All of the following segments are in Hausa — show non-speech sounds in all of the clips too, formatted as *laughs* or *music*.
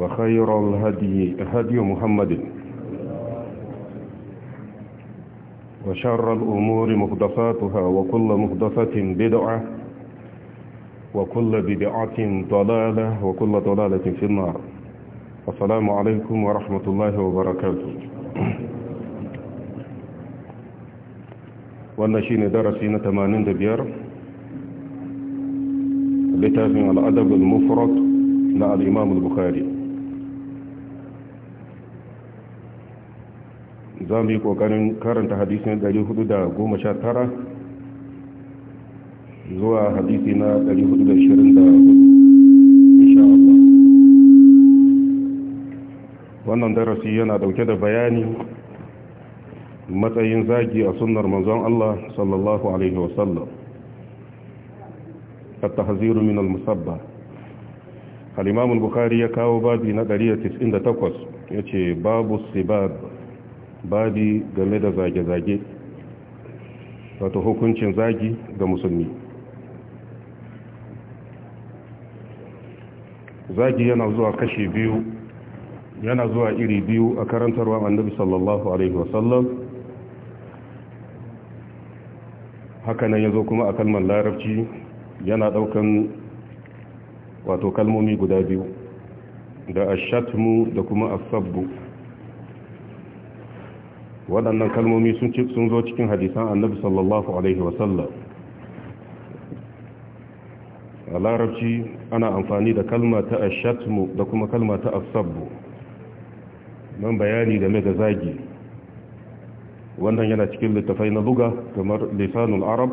وخير الهدي هدي محمد وشر الأمور مهدفاتها وكل مهدفة بدعة وكل بدعة ضلالة وكل ضلالة في النار السلام عليكم ورحمة الله وبركاته wannan درسين darasi na لتابع الأدب al'adab al-mufrad na za mu yi ƙoƙarin karanta hadisin 419 zuwa hadisi na 424 wannan darasi yana dauke da bayani matsayin zagi a sunnar manzon Allah sallallahu alaihi wasallam التحذير من المصبة الإمام البخاري يكاو بابي نقرية 98 يتي باب السباب babi game da zage-zage wato hukuncin zagi ga musulmi zagi yana zuwa kashe biyu yana zuwa iri biyu a karantarwa annabi sallallahu alaihi wasallam hakanan ya zo kuma a kalmar larabci yana daukan wato kalmomi guda biyu da ashatmu da kuma asabbu waɗannan kalmomi sun zo cikin hadisan annabi sallallahu alaihi wasallam a larabci ana amfani da kalma ta ashatmu da kuma kalma ta asabbu nan bayani game da zagi wannan yana cikin littafai na buga kamar lisanul arab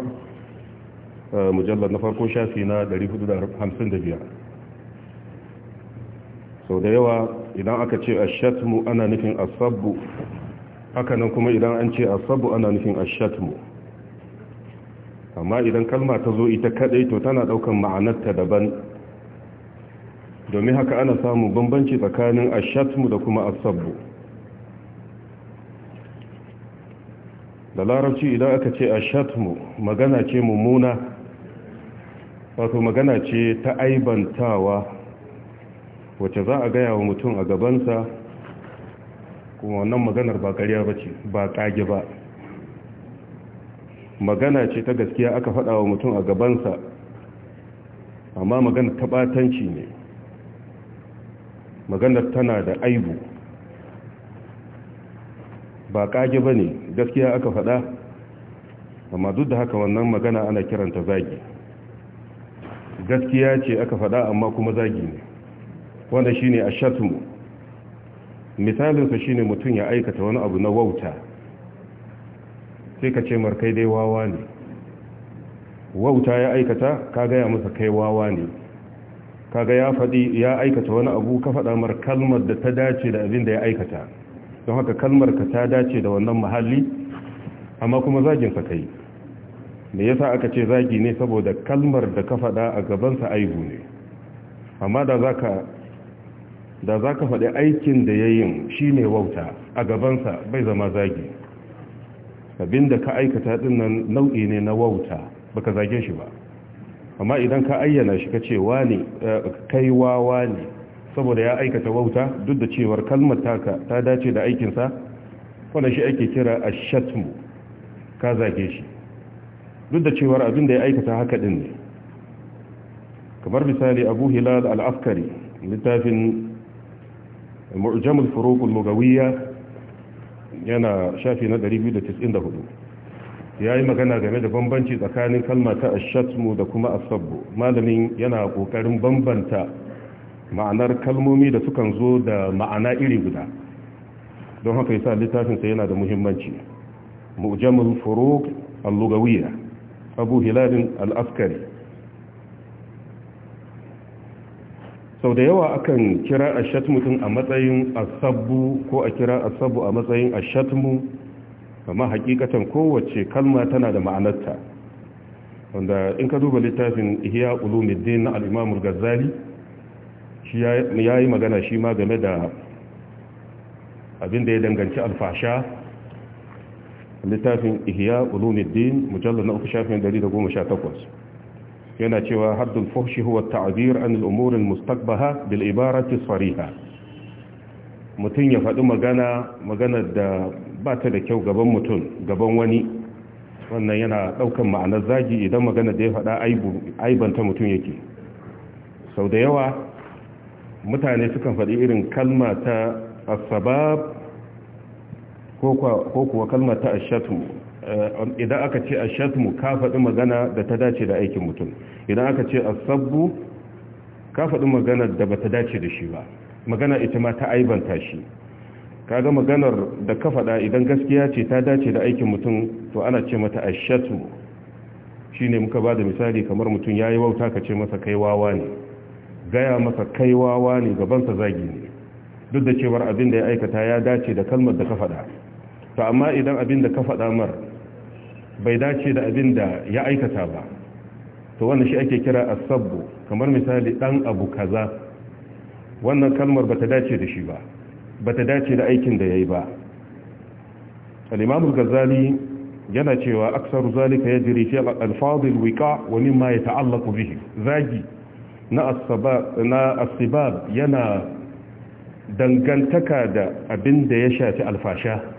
mujallar na farko shafi na 455 sau da yawa idan aka ce ashatmu ana nufin asabbu hakanan kuma idan an ce asabu ana nufin ashatmu amma idan kalma ta zo ita kadai to tana daukan ma'anarta daban domin haka ana samun bambanci tsakanin ashatmu da kuma asabu da larabci idan aka ce ashatmu magana ce mummuna wato magana ce ta aibantawa wacce za a gaya wa mutum a gabansa kuma wannan maganar ba ƙarya ba ce ba ƙage ba magana ce ta gaskiya aka faɗa wa mutum a gabansa amma magana taɓatanci ne maganar tana da aibu ba ƙage ba ne gaskiya aka faɗa amma duk da haka wannan magana ana kiranta zagi gaskiya ce aka faɗa amma kuma zagi ne wanda shine shatunmu misalinsa shine mutum ya aikata wani abu na wauta sai ka ce markai dai wawa ne wauta ya aikata ka gaya masa kai wawa ne kaga ya faɗi ya aikata wani abu ka faɗa mar kalmar da ta dace da abin da ya aikata don haka kalmar ka ta dace da wannan mahalli amma kuma zagin sa kai me yasa aka ce zagi ne saboda kalmar da ka faɗa a gabansa aibu ne amma da zaka da za ka faɗi aikin da ya yin shi ne wauta a gabansa bai zama zagi abinda ka aikata dinnan nau'i ne na wauta baka zage shi ba amma idan ka ayyana shi ka ce wani eh, kai wawa ne saboda ya aikata wauta duk da cewar kalmar taka ta dace da aikinsa wanda shi ake kira a shatmu ka zage shi duk da cewar abin ya aikata haka din ne kamar misali abu hilal al-afkari littafin mu'jamul furuqul lugawiyya yana shafi na ya yi magana game da bambanci tsakanin kalma ta ashatmu da kuma a sabbo malamin yana kokarin bambanta ma'anar kalmomi da sukan zo da ma'ana iri guda don haka yasa littafin sa yana da muhimmanci mu'jamul furuq al-lugawiyya abu hilal al-askari sau da yawa akan kira a shatmutun a matsayin asabu ko a kira asabu a matsayin a shatmu amma hakikatan kowace kalma tana da ma'anarta wanda in ka duba littafin ihya ulumuddin na al gazali shi ya yayi magana shi ma game da abin da ya danganci alfasha littafin ihya ulumuddin mujallar na uku shafin 118 yana cewa haddul fuhshi huwa ta'zir an al-umur al-mustaqbaha bil ibarati sariha mutun ya faɗi magana magana da ba ta da kyau gaban mutun gaban wani wannan yana daukan ma'anar zagi idan magana da ya faɗa aibu aibanta mutun yake sau da yawa mutane sukan faɗi irin kalma ta asbab ko kuwa kalma ta ashatu idan aka ce a shatmu ka faɗi magana da ta dace da aikin mutum idan aka ce a sabbu ka faɗi magana da ba ta dace da shi ba magana ita ma ta aibanta shi kaga maganar da ka faɗa idan gaskiya ce ta dace da aikin mutum to ana ce mata a shatmu shi ne muka ba da misali kamar mutum ya yi wauta ka ce masa kai wawa ne gaya masa kai wawa ne gabansa zagi ne duk da cewar abin da ya aikata ya dace da kalmar da ka faɗa to amma idan abin da ka faɗa mar bai dace da abin da ya aikata ba to wannan shi ake kira asabbu kamar misali dan abu kaza wannan kalmar bata dace da shi ba bata dace da aikin da yayi ba al-imam al-ghazali yana cewa aksaru zalika yajri fi al Wika al-wiqa wa mimma yata'allaqu bihi zagi na asbab na asbab yana dangantaka da abin da ya shafi alfasha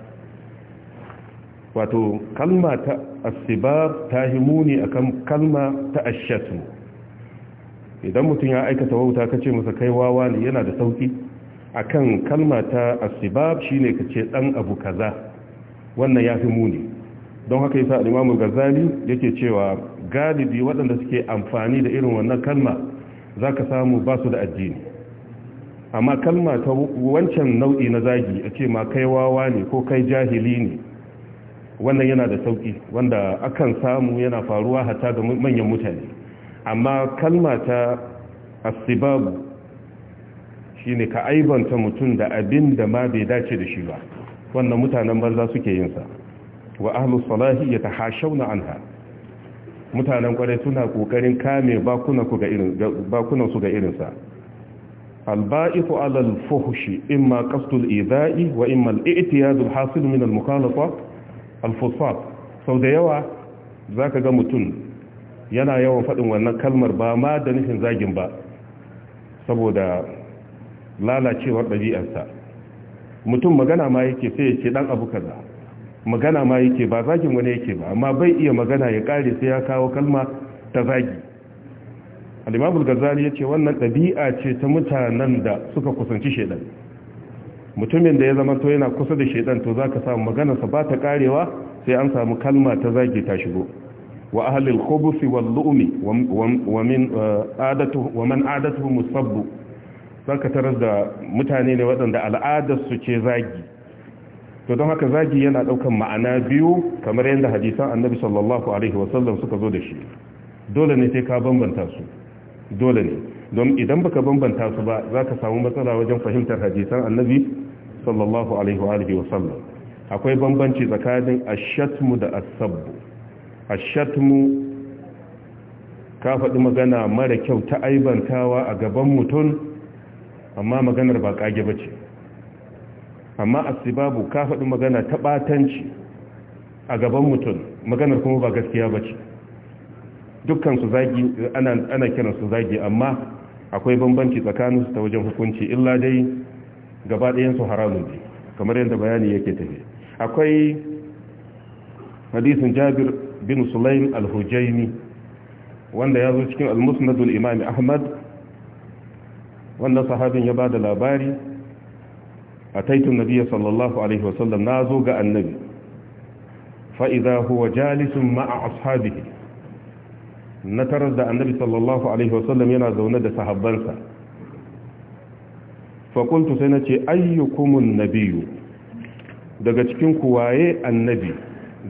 wato kalma ta asibab ta himuni akan kalma ta ashatu idan mutum ya aikata wauta ka ce masa kai wawa ne yana da sauki akan kalma ta asibab shine kace ɗan abu kaza wannan ya fi muni don haka yasa al ga zami yake cewa galibi waɗanda suke amfani da irin wannan kalma za ka samu ba su da addini amma kalma ta wancan nau'i na zagi a ce ma kai wawa ne ko kai jahili ne wannan yana da sauki wanda akan samu yana faruwa hata ga manyan mutane amma kalma ta asibabu shine ka aibanta mutum da abin da ma bai dace da shi ba wannan mutanen banza suke yin sa wa ahlus salahi yatahashawna anha mutanen kwarai suna kokarin kame bakunan su ga irin bakunan su ga irin sa iza'i wa imma إما قصد الإيذاء وإما الإئتياد alfosfat sau da yawa za ka ga mutum yana yawan faɗin wannan kalmar ba ma da nufin zagin ba saboda lalacewar ɗabi'arsa mutum magana ma yake sai ya ɗan abu kaza magana ma yake ba zagin wani yake ba amma bai iya magana ya ƙare sai ya kawo kalma ta zagi alimabul gazali ya ce wannan ɗabi'a ce ta mutanen da suka kusanci shaidan mutumin da ya zama to yana kusa da shaidan to za ka samu maganarsa ba ta karewa sai an samu kalma ta zage ta shigo wa ahlil khubuth wal lu'mi uh, wa man adatuhu musabbu ka tarar da mutane ne waɗanda al'adarsu ce zagi to don haka zagi yana daukan ma'ana biyu kamar yadda hadisan annabi sallallahu alaihi wasallam suka zo da shi dole ne sai ka bambanta su dole ne don idan baka bambanta su ba za ka samu matsala wajen fahimtar hadisan annabi sallallahu alaihi wa alihi wasallam akwai bambanci tsakanin ashatmu da asabbu ashatmu ka faɗi magana mara kyau ta aibantawa a gaban mutum amma maganar ba kage bace amma asibabu ka faɗi magana ta batanci a gaban mutum maganar kuma ba gaskiya bace dukkan su zagi ana ana kiran zagi amma akwai bambanci tsakaninsu ta wajen hukunci illa dai gaba ɗayan haramun ne kamar yadda bayani yake tafi akwai hadisin jabir bin sulaim al-hujaini wanda ya zo cikin al-musnadul imami ahmad wanda sahabin ya ba da labari a taitun nabiya sallallahu alaihi wasallam na zo ga annabi fa'iza huwa jalisun ma'a ashabihi na tarar da annabi sallallahu alaihi wasallam yana zaune da sahabbansa faƙuntu sai na ce ayyukumun nabiyu daga cikin kuwaye annabi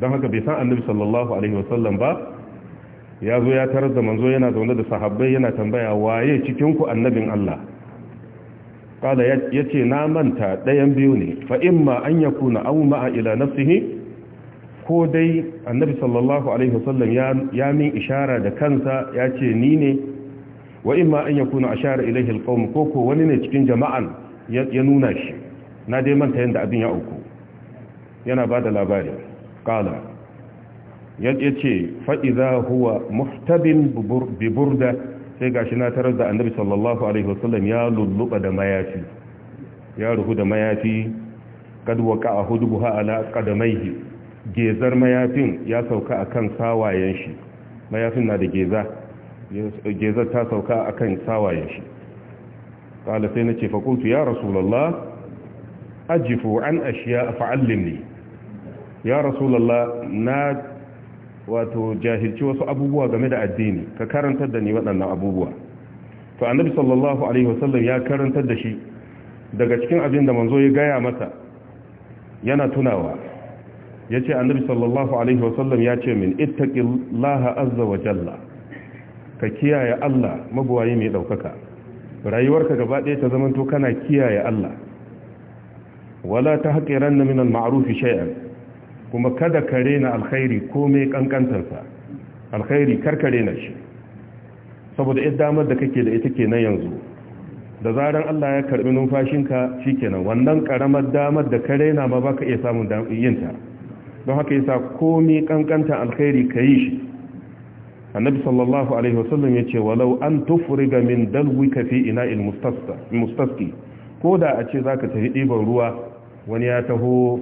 don haka bai san annabi sallallahu alaihi wasallam ba ya zo ya tarar da manzo yana zaune da sahabbai yana tambaya waye cikinku annabin Allah Kala ya ce na manta ɗayan biyu ne fa'imma an ya kuna an ma'a ila nafsihi ko dai annabi sallallahu alaihi wasallam ya min ishara da kansa ya ce ni ne wa imma an yakuna ashara ilayhi alqawm ko ko wani ne cikin jama'an ya nuna shi na dai manta yanda abin ya auku yana bada labari qala yace fa idza huwa muhtabin bi burda sai gashi na tarar da annabi sallallahu alaihi wasallam ya lulluba da mayafi ya ruhu da mayafi kad waqa'a hudbuha ala qadamayhi gezar mayafin ya sauka akan sawayen shi mayafin na da geza gezar ta sauka a kan sawayen shi ƙala sai na ce faƙultu ya rasulallah ajifu an ashiya a fa'allimni ya rasulallah na wato jahilci wasu abubuwa game da addini ka karanta da ni waɗannan abubuwa to annabi sallallahu alaihi wasallam ya karanta da shi daga cikin abin da manzo ya gaya mata. yana tunawa ya ce annabi sallallahu alaihi wasallam ya ce min ittaqillaha azza wa jalla ka kiyaye Allah mabuwayi mai ɗaukaka rayuwarka gaba ɗaya ta zamanto kana kiyaye Allah wala ta haƙiran na minan ma'arufi shay'an kuma kada ka rena alkhairi ko mai ƙanƙantarsa alkhairi karka rena shi saboda ita damar da kake da ita kenan yanzu da zaran Allah ya karɓi numfashinka shi kenan wannan ƙaramar damar da ka rena ma ba ka iya samun yinta don haka yasa komai ƙanƙantar alkhairi ka yi shi annabi sallallahu alaihi wasallam ya ce walau an tufriga min dalwika fi ina'il mustasqi ko da a ce zaka tafi ɗiban ruwa wani ya taho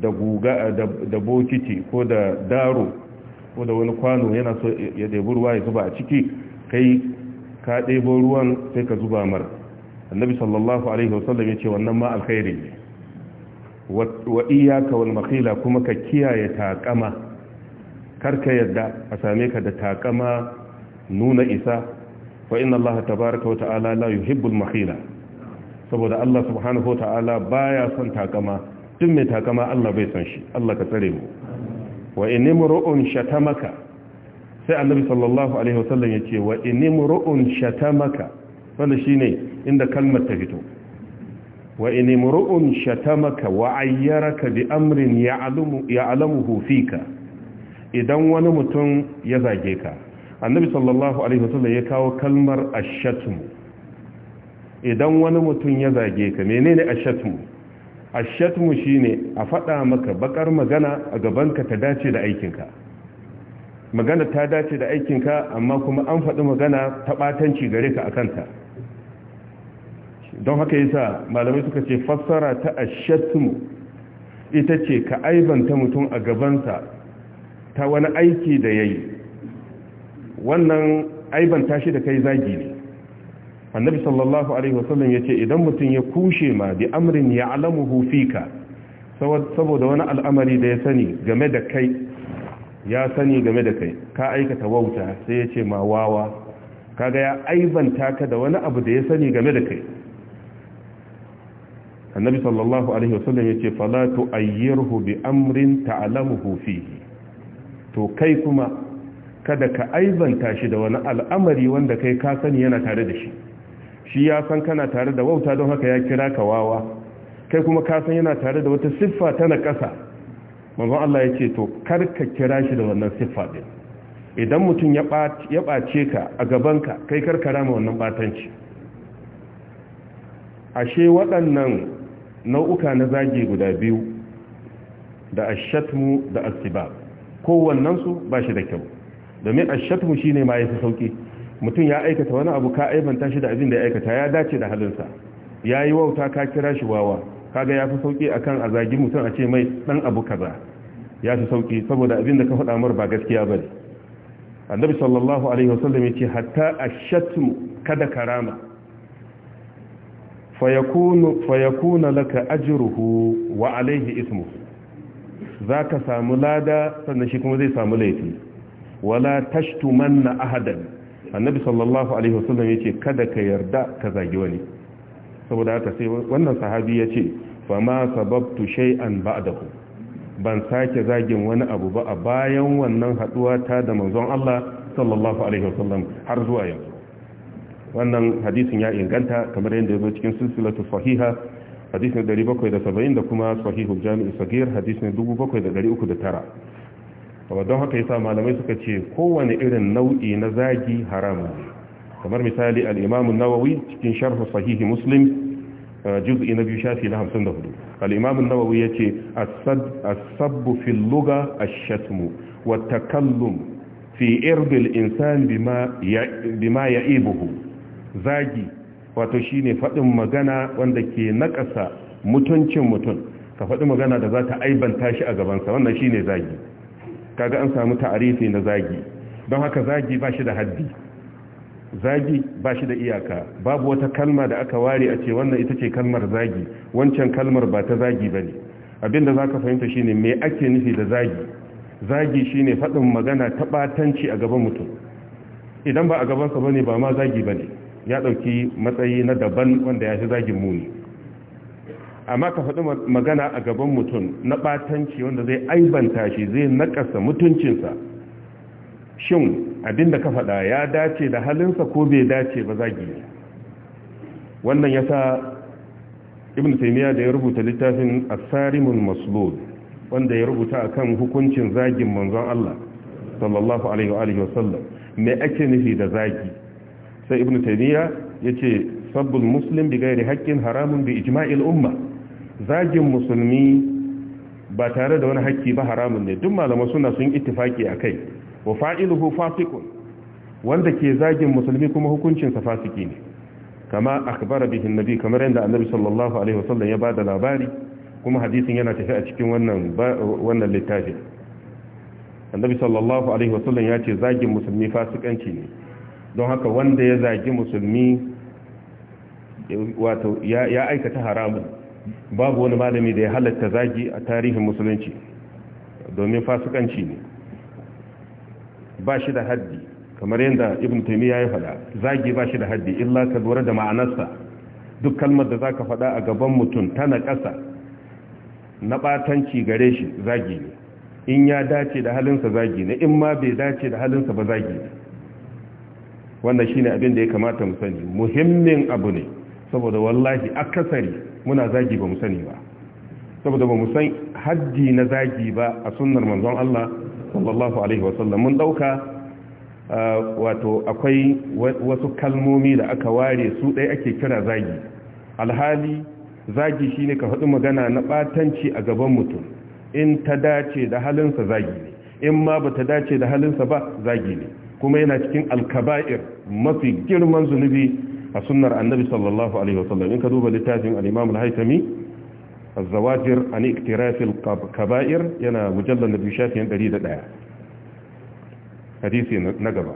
da guga da bokiti ko da daro ko da wani kwano yana so ya ɗebi ruwa ya zuba a ciki kai ka ɗebo ruwan sai ka zuba mar annabi sallallahu alaihi wasallam ya ce wannan ma alkhairi ne wa iyaka wal makhila kuma ka kiyaye takama karka yadda a same ka da takama nuna isa fa inna allaha tabaraka wa ta'ala la yuhibbul makhila saboda Allah subhanahu wa ta'ala baya son takama duk mai takama Allah bai son shi Allah ka tsare mu wa inimru'un shatamaka sai annabi sallallahu alaihi wasallam yace wa inimru'un shatamaka wanda shine inda kalmar ta fito wa inimru'un shatamaka wa ayyaraka bi amrin ya'lamu ya'lamuhu fika idan wani mutum ya zage ka annabi sallallahu alaihi wasallam ya kawo kalmar ashatmu idan wani mutum ya zage ka menene ashatmu ashatmu shine a faɗa maka bakar magana a gabanka ta dace da aikinka magana ta dace da aikinka amma kuma an faɗi magana ta ɓatanci gare ka ta don haka yasa malamai suka ce fassara ta ashatmu ita ce ka aibanta mutum a gabansa ta wani aiki da ya yi wannan aibanta tashi da kai zagi ne annabi sallallahu alaihi wasallam ya ce idan mutum ya kushe ma bi amrin ya alamuhu fika saboda wani al'amari da ya sani game da kai ya sani game da kai ka aikata wauta sai ya ce ma wawa kaga ya aibanta ka da wani abu da ya sani game da kai annabi sallallahu alaihi wasallam ya ce fala tu'ayyirhu bi amrin ta'lamuhu fihi to kai kuma kada ka aibanta shi da wani al'amari wanda kai ka sani yana tare da shi shi ya san kana tare da wauta don haka ya kira ka wawa kai kuma ka san yana tare da wata siffa ta na ƙasa manzon Allah ya ce to kar ka kira shi da wannan siffa din idan mutum ya ɓace ka a gaban ka kai kar ka rama wannan batanci ashe waɗannan nau'uka na zagi guda biyu da ashatmu da asibab kowannensu ba shi da kyau domin a shatmu shi ne ma ya fi sauƙi mutum ya aikata wani abu ka aibanta shi da abin da ya aikata ya dace da halinsa ya yi wauta ka kira shi wawa kaga ya fi sauƙi a kan a zagi mutum a ce mai ɗan abu kaza ya fi sauƙi saboda abin da ka faɗa mar ba gaskiya ba ne annabi sallallahu alaihi wasallam ya ce hatta a kada karama fayakuna laka ajruhu wa alaihi ismuhu za ka samu lada sannan shi kuma zai samu laifi wala tashtuman na ahadan annabi sallallahu alaihi wasallam ya kada ka yarda ka zagi wani saboda haka sai wannan sahabi ya ce fa ma sababtu shay'an ba'dahu ban sake zagin wani abu ba a bayan wannan haduwa ta da manzon Allah sallallahu alaihi wasallam har zuwa yanzu wannan hadisin ya inganta kamar yadda ya zo cikin silsilatu sahiha Hadis hadisin 770 da kuma sahihul jami'i sagir hadisin 7309 don haka yasa malamai suka ce kowane irin nau'i na zagi haramun kamar misali al-imam an-nawawi cikin sharh sahih muslim uh, juz'i na biyu shafi na 54 al-imam an-nawawi yace as-sabb fi al-lugha ash-shatm wa at-takallum fi ird al-insan bima bima ya'ibuhu zagi wato shine faɗin magana wanda ke nakasa mutuncin mutum ka faɗi magana da za ta aibanta shi a gabansa wannan shine zagi kaga an samu ta'arifi na zagi don haka zagi ba shi da haddi zagi ba shi da iyaka babu wata kalma da aka ware a ce wannan ita ce kalmar zagi wancan kalmar ba ta zagi ba ne da za ka fahimta shi ne mai ake nufi da zagi zagi shi ne faɗin magana ta ɓatanci a gaban mutum idan ba a gabansa ba ne ba ma zagi ba ne ya ɗauki matsayi na daban wanda ya shi zagin muni amma ka faɗi magana a gaban mutum na ɓatanci wanda zai aibanta shi zai nakasa mutuncinsa shin abinda ka faɗa ya dace da halinsa ko bai dace ba zagi ne wannan ya sa ibn taimiyya da ya rubuta littafin asarimun maslul wanda ya rubuta a kan hukuncin zagin manzon Allah sallallahu alaihi wa sallam ake nufi da zagi sai ibn taymiya yace sabbul muslim bi ghairi haqqin haramun bi ijma'il umma zagin musulmi ba tare da wani haƙƙi ba haramun ne duk malama suna sun ittifaki akai wa fa'iluhu fasiqun wanda ke zagin musulmi kuma hukuncinsa fasiki ne kama akhbara bihi annabi kamar yadda annabi sallallahu alaihi wasallam ya bada labari kuma hadisin yana tafi a cikin wannan wannan littafin annabi sallallahu alaihi wasallam ya ce zagin musulmi fasikanci ne don haka wanda ya zagi musulmi wato ya aikata haramun babu wani malami da ya halatta zagi a tarihin musulunci domin fasikanci ne ba shi da haddi kamar yadda ibn taimi ya yi faɗa zagi ba shi da haddi illa ka lura da ma'anarsa duk kalmar da za ka faɗa a gaban mutum tana ƙasa na ɓatanci gare shi zagi ne in ya dace da halinsa zagi ne in ma bai dace da halinsa ba zagi ne wannan shine abin da ya kamata mu sani muhimmin abu ne saboda wallahi akasari muna zagi ba mu sani ba saboda ba mu san haddi na zagi ba a sunnar manzon Allah sallallahu alaihi wasallam mun dauka wato akwai wasu kalmomi da aka ware su dai ake kira zagi alhali zagi shine ka faɗi magana na batanci a gaban mutum in ta dace da halinsa zagi ne in ma ba ta dace da halinsa ba zagi ne kuma yana cikin alkaba'ir mafi girman zunubi a sunar annabi sallallahu alaihi wasallam in ka duba littafin al-imam al-haytami zawajir an iktiraf al-kaba'ir yana mujallal nabi da ɗaya. hadisi na gaba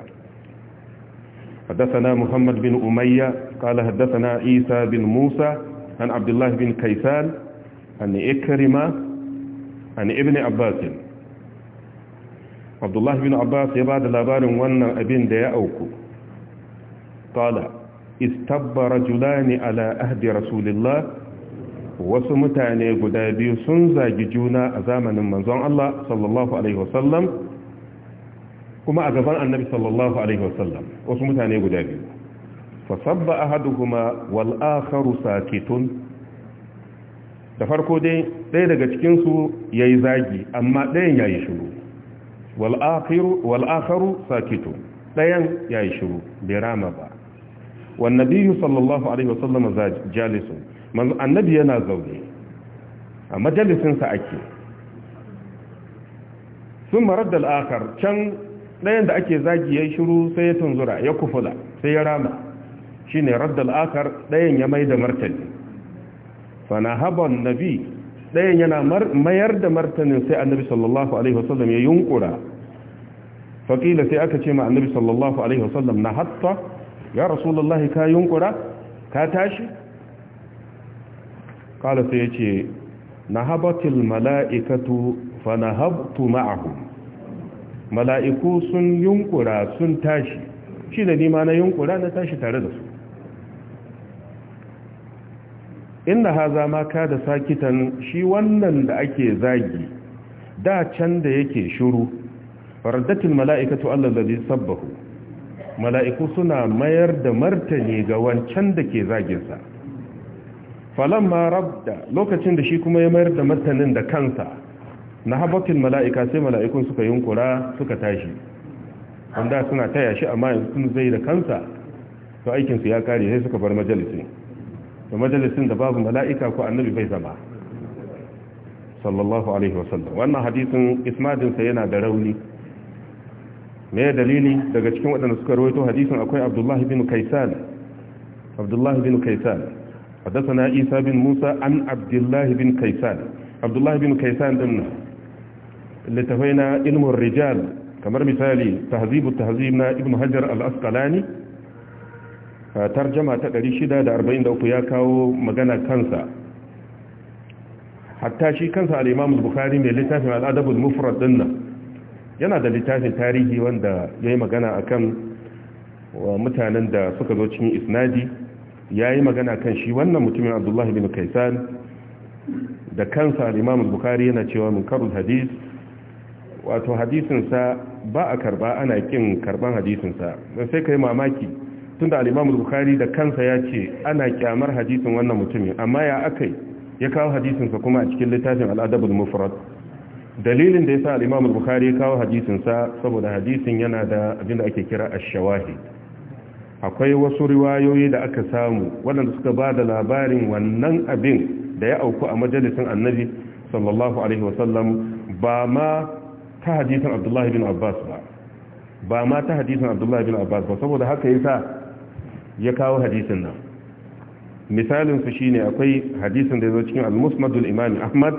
حدثنا محمد bin Umayya, kala حدثنا Isa bin Musa, an عبد bin بن كيسان عن إكرمة عن ابن عباس abdullahi bin abbas ya ba da labarin wannan abin da ya auku kala istabba rajulani ala ahdi rasulillah wasu mutane guda biyu sun zagi juna a zamanin manzon Allah sallallahu alaihi wasallam kuma a gaban annabi sallallahu alaihi wasallam wasu mutane guda biyu fasabba ahaduhuma wal akharu sakitun da farko dai ɗaya daga cikinsu ya yi zagi amma dayan ya yi shiru wal'akaru sakitu ɗayan ya yi shiru bai rama ba wannabiyu sallallahu alaihi wasallam za jalisun annabi yana zaune a majalisinsa ake sun marar da al'akar can ɗayan da ake zagi ya yi shiru sai ya tunzura ya kufula sai ya rama shi ne raddal ɗayan ya mai da martani fana haban nabi ɗayan yana mayar da martanin sai annabi sallallahu alaihi wasallam ya yunkura faƙila sai aka ce ma annabi sallallahu alaihi wasallam na hatta ya rasulullahi ka yunkura ka tashi kala sai ya ce na habatil mala'ikatu fa na habtu ma'ahu mala'iku sun yunkura sun tashi shi da nima na yunkura na tashi tare da su inna haza ma ka da sakitan shi wannan da ake zagi da can da yake shiru faradatin mala'ikatu allazi sabbahu mala'iku suna mayar da martani ga wancan da ke zaginsa falamma rabda lokacin da shi kuma ya mayar da martanin da kansa na habatul mala'ika sai mala'ikun suka yunkura suka tashi wanda suna taya shi amma yanzu sun zai da kansa to aikinsu ya kare sai suka bar majalisin da majalisin da babu mala'ika ko annabi bai zama sallallahu alaihi wasallam wannan hadisin ismadinsa yana da rauni me dalili daga cikin waɗanda suka rawaito hadisin akwai abdullahi bin kaisan abdullahi bin kaisan حدثنا عيسى بن موسى عن عبد الله بن كيسان عبد الله بن كيسان ضمن لتفينا علم الرجال tahzibu مثالي تهذيب التهذيبنا ابن حجر الأسقلاني tarjama ta 643 ya kawo magana kansa hatta shi kansa al-imam bukhari mai littafin al-adab al-mufrad dinna yana da littafin tarihi wanda yayi magana akan mutanen da suka zo cikin isnadi yayi magana kan shi wannan mutumin abdullahi bin kaisan da kansa al-imam bukhari yana cewa munkarul hadith wato hadisinsa ba a karba ana kin karban hadisinsa sai kai mamaki tunda da imam Bukhari da kansa ya ce ana kyamar hadisin wannan mutumin amma ya akai ya kawo hadisinsa kuma a cikin littafin al mufrad dalilin da ya sa imam Bukhari ya kawo hadisin sa saboda hadisin yana da da ake kira ash akwai wasu riwayoyi da aka samu waɗanda suka ba da labarin wannan abin da ya auku a majalisin annabi sallallahu alaihi wasallam ba ma ta hadisin abdullahi bin abbas ba ba ma ta hadisin abdullahi bin abbas ba saboda haka yasa ya kawo hadisin nan misalin su shine akwai hadisin da ya zo cikin al-musnadul imam ahmad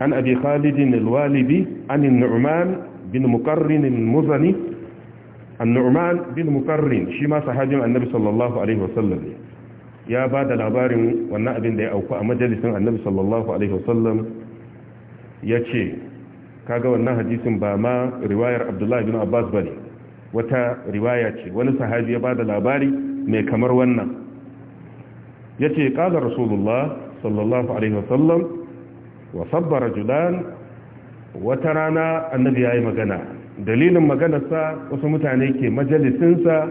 an abi khalid al-walibi an an-nu'man bin muqarrin al-muzani an-nu'man bin muqarrin shi ma sahabin annabi sallallahu alaihi wasallam ya ba da labarin wannan abin da ya auku a majalisin annabi sallallahu alaihi wasallam ya ce kaga wannan hadisin ba ma riwayar abdullahi bin abbas ba ne wata riwaya ce wani sahabi ya bada labari mai kamar wannan ce qala rasulullah sallallahu alaihi wasallam wa sabbara rajulan wata rana annabi yi magana dalilin maganarsa wasu mutane ke majalisinsa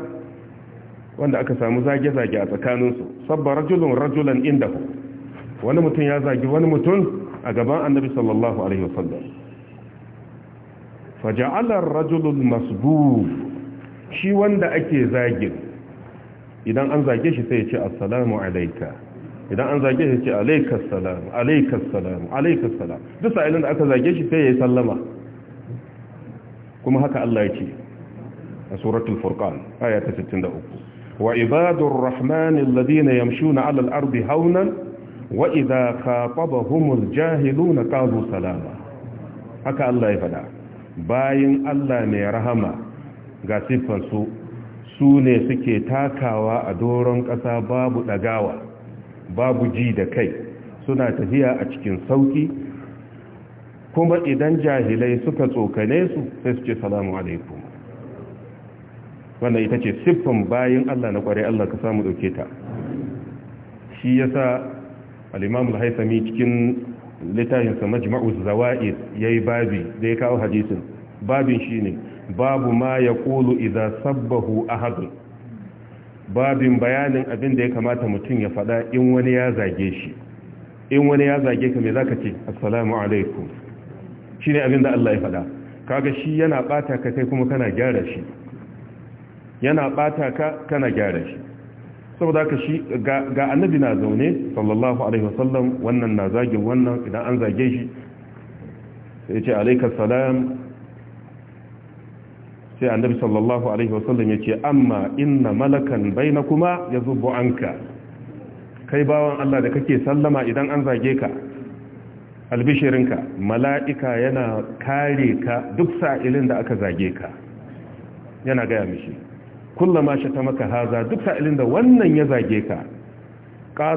wanda aka samu zage-zage a tsakaninsu sabba rajulun rajulan ku. wani mutum ya zagi wani mutum a gaban annabi sallallahu alaihi wasallam faja'alar rajulun masbub shi wanda ake zagin idan an zage shi sai ya ce assalamu alaika idan an zage shi ce alaikas salam alaikas salam alaikas salam duk sa'ilin da aka zage shi sai ya yi sallama kuma haka Allah ya ce a suratul furqan aya ta 63 wa ibadur rahmani alladhina yamshuna 'ala al-ardi hawnan wa idha khatabahumul jahiluna qalu salama haka Allah ya faɗa bayin Allah mai rahama ga siffarsu su ne suke takawa a doron ƙasa babu ɗagawa babu ji da kai suna tafiya a cikin sauki kuma idan jahilai suka tsokane su sai su salamu alaikum wannan ita ce siffan bayan Allah na kwarai Allah ka samu ɗauke ta shi ya sa al'imamul haisami cikin littafinsa majma'uz zawa'id ya yi babi da ya kawo hadisin babin shi ne babu ma ya ƙulu iza sabbahu ahadun babin bayanin abin da ya kamata mutum ya faɗa in wani ya zage shi in wani ya zage ka mai za ka ce assalamu alaikum shi ne abin da Allah ya faɗa kaga shi yana ɓata ka kai kuma kana gyara shi yana ɓata ka kana gyara shi saboda ka shi ga annabi na zaune sallallahu alaihi wasallam wannan na zagin wannan idan an zage shi sai ce alaikassalam sai annabi sallallahu alaihi wasallam ya ce amma inna malakan na kuma ya zubo anka kai bawan Allah da kake sallama idan an zage ka albishirinka mala'ika yana kare ka duk sa'ilin da aka zage ka yana gaya mishi kullama shi ta maka haza duk sa'ilin da wannan ya zage ka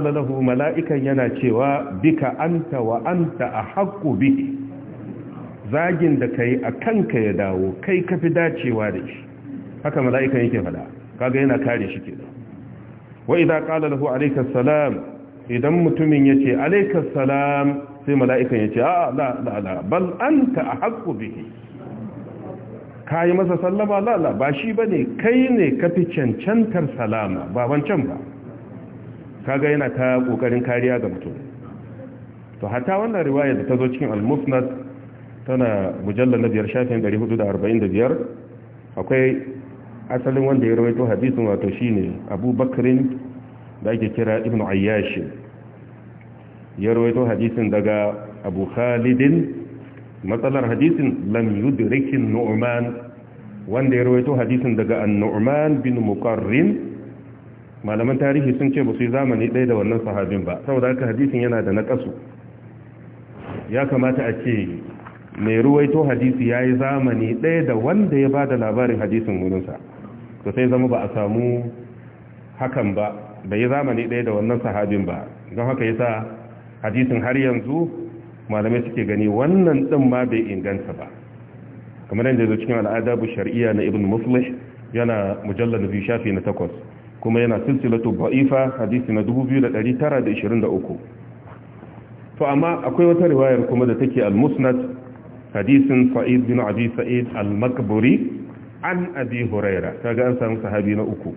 lahu mala'ikan yana cewa bika anta wa anta a haƙƙo bihi zagin da ka yi a kanka ya dawo kai ka fi dacewa da shi haka mala'ikan yake fada kaga yana kare shi ke kenan wa idza da ku alayka salam idan mutumin ya ce alayka salam sai mala'ikan ya ce a la la la a anta ahqqu ka yi masa sallama la ba shi bane kai ne ka fi cancantar salama ba wancan ba kaga yana ta ƙoƙarin kariya ga mutum to hatta wannan riwayar da ta zo cikin al-musnad tana mujallar na biyar shafin 445 akwai asalin wanda ya rawaito hadisin wato shine abubakarin da ake kira ibn ayyashin ya rawaito hadisin daga abu khalidin matsalar hadisin lam yudrikin nu'man wanda ya rawaito hadisin daga an-nu'man bin mukarrin malaman tarihi sun ce ba su yi zamani ɗaya da wannan sahabin ba saboda haka hadisin yana da naƙasu ya kamata a ce mai ruwaito hadisi ya yi zamani ɗaya da wanda ya ba da labarin hadisin wurinsa to sai zama ba a samu hakan ba bai yi zamani ɗaya da wannan sahabin ba don haka ya sa hadisin har yanzu malamai suke gani wannan ɗin ma bai inganta ba kamar yadda zai cikin bu shari'a na ibn muslih yana mujallar biyu shafi na takwas kuma yana silsilatu ba'ifa hadisi na 2923 to amma akwai wata riwayar kuma da take al-musnad hadisin sa'id bin abi sa'id al-makburi an abi huraira kaga an samu sahabi na uku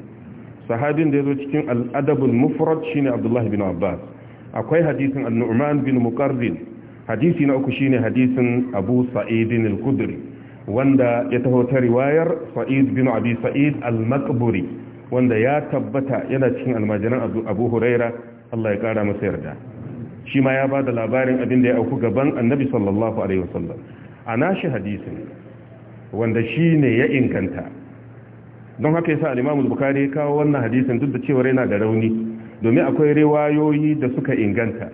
sahabin da ya yazo cikin al-adabul mufrad shine abdullahi bin abbas akwai hadisin an-nu'man bin muqarrin hadisi na uku shine hadisin abu sa'id al-khudri wanda ya taho ta riwayar sa'id bin abi sa'id al-makburi wanda ya tabbata yana cikin almajiran abu huraira Allah ya kara masa yarda shi ma ya bada labarin abin da ya auku gaban annabi sallallahu a nashi hadisin wanda shi ne ya inganta don haka ya sa imam Bukhari ya kawo wannan hadisin duk da cewa yana da rauni domin akwai riwayoyi da suka inganta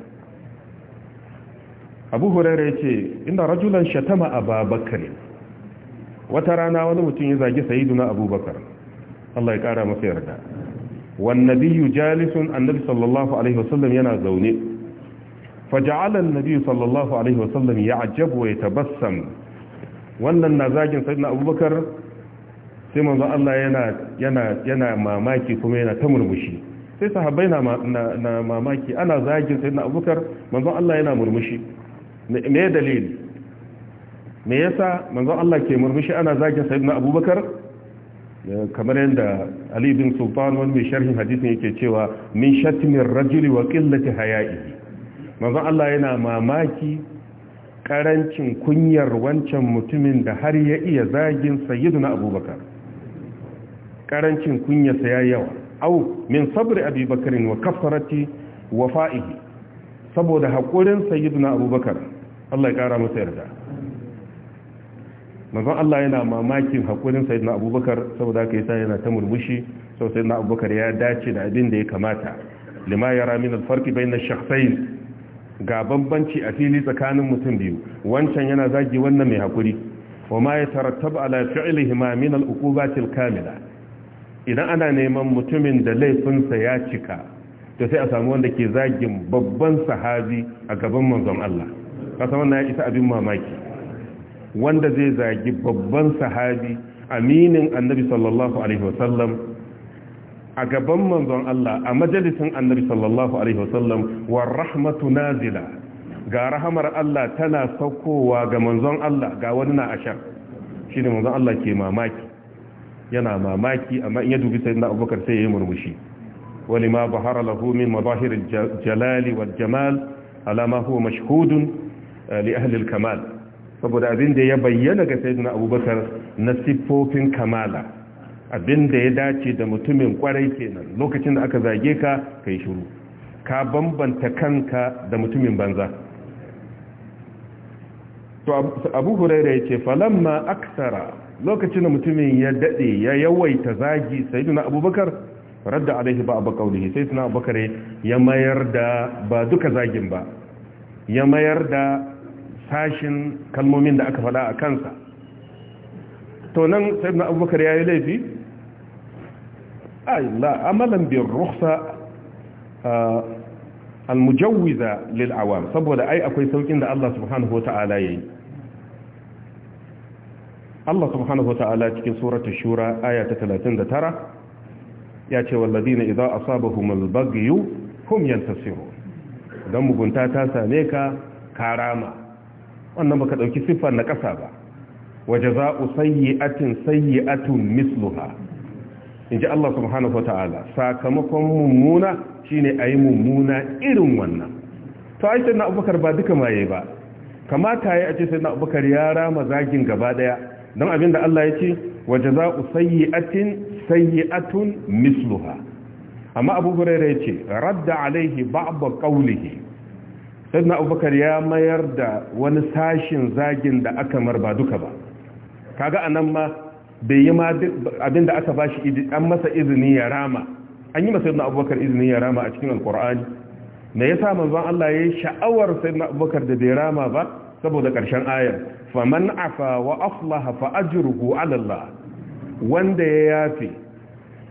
Abu ya ce, inda rajulan shatama a babakar wata rana wani mutum ya zagi na Abubakar Allah ya kara masu yarda wan nabiyyu jalisun annabi sallallahu alaihi wasallam yana zaune faja'alan nabi sallallahu alaihi wasallam ya ajabu ya tabassam wannan na zagin sayyidina abubakar sai manzo Allah yana yana yana mamaki kuma yana ta murmushi sai sahabbai na na mamaki ana zagin sayyidina abubakar manzo Allah yana murmushi me dalili me yasa manzo Allah ke murmushi ana zagin sayyidina abubakar kamar yadda Ali bin Sultan wani mai sharhin hadisin yake cewa min shatmir rajuli wa qillati haya'ihi manzon Allah yana mamaki karancin kunyar wancan mutumin da har ya iya zagin na abubakar karancin kunyarsa ya yawa au min sabri abubakarin wa kafarati wa fa'ihi saboda haƙurin na abubakar Allah ya ƙara masa yarda manzon Allah yana mamakin haƙurin na abubakar saboda yi yasa yana ta murmushi sau na abubakar ya dace da abin da ya kamata lima yara min alfarki bayan shakhsayn ga bambanci a fili tsakanin mutum biyu wancan yana zagi wannan mai hakuri wama ya tarattaba ala fi'lihima min al-uqubati kamila idan ana neman mutumin da laifinsa ya cika to sai a samu wanda ke zagin babban sahabi a gaban manzon Allah kasa wannan ya isa abin mamaki wanda zai zagi babban sahabi aminin annabi sallallahu alaihi wasallam a gaban manzon Allah a majalisin annabi sallallahu alaihi wasallam wa rahmatu nazila ga rahamar Allah tana saukowa ga manzon Allah ga wani na ashar shine manzon Allah ke mamaki yana mamaki amma in ya dubi sayyidina Abubakar sai ya yi murmushi ولما alahu min من مظاهر wa jamal على ما هو مشهود لأهل Kamal saboda abin da ya bayyana ga sayyidina abubakar na siffofin kamala abin da ya dace da mutumin kwarai kenan lokacin da aka zage ka ka yi shiru ka bambanta kanka da mutumin banza to abu huraira ya ce falamma aksara lokacin da mutumin ya daɗe ya yawaita zagi sai duna abubakar radda alaihi ba abu kaulihi sai suna abubakar ya mayar da ba duka zagin ba ya mayar da sashin kalmomin da aka faɗa a kansa to nan sai abubakar ya yi laifi amalan لا عملا بالرخصة المجوزة للعوام saboda ai akwai saukin da Allah subhanahu wata'ala yayi Allah subhanahu wata'ala cikin suratul shura aya ta 39 yace walladina idza asabahumul baghyu hum yantasirun dan mugunta ta same ka karama wannan baka ɗauki siffar na ƙasa ba waje atin sanyi sayyi'atun misluha in ji Allah subhanahu wa ta'ala sakamakon mummuna shine a yi mummuna irin wannan to a sai na abubakar ba duka maye ba kamata ya ce sai na abubakar ya rama zagin gaba daya don abin da Allah ya ce waje za jaza'u sayi sayyi'atun misluha amma abubakar ya ce radda alaihi kaulihi sai na abubakar ya mayar da wani sashin zagin da aka mar ba duka ba kaga anan ma bai yi ma abinda aka bashi an masa izini ya rama an yi masa sayyidina abubakar izini ya rama a cikin alkur'ani me sa manzon Allah ya yi sha'awar na abubakar da bai rama ba saboda ƙarshen ayar faman afa wa Afla fa ajruhu ala Allah wanda ya yafe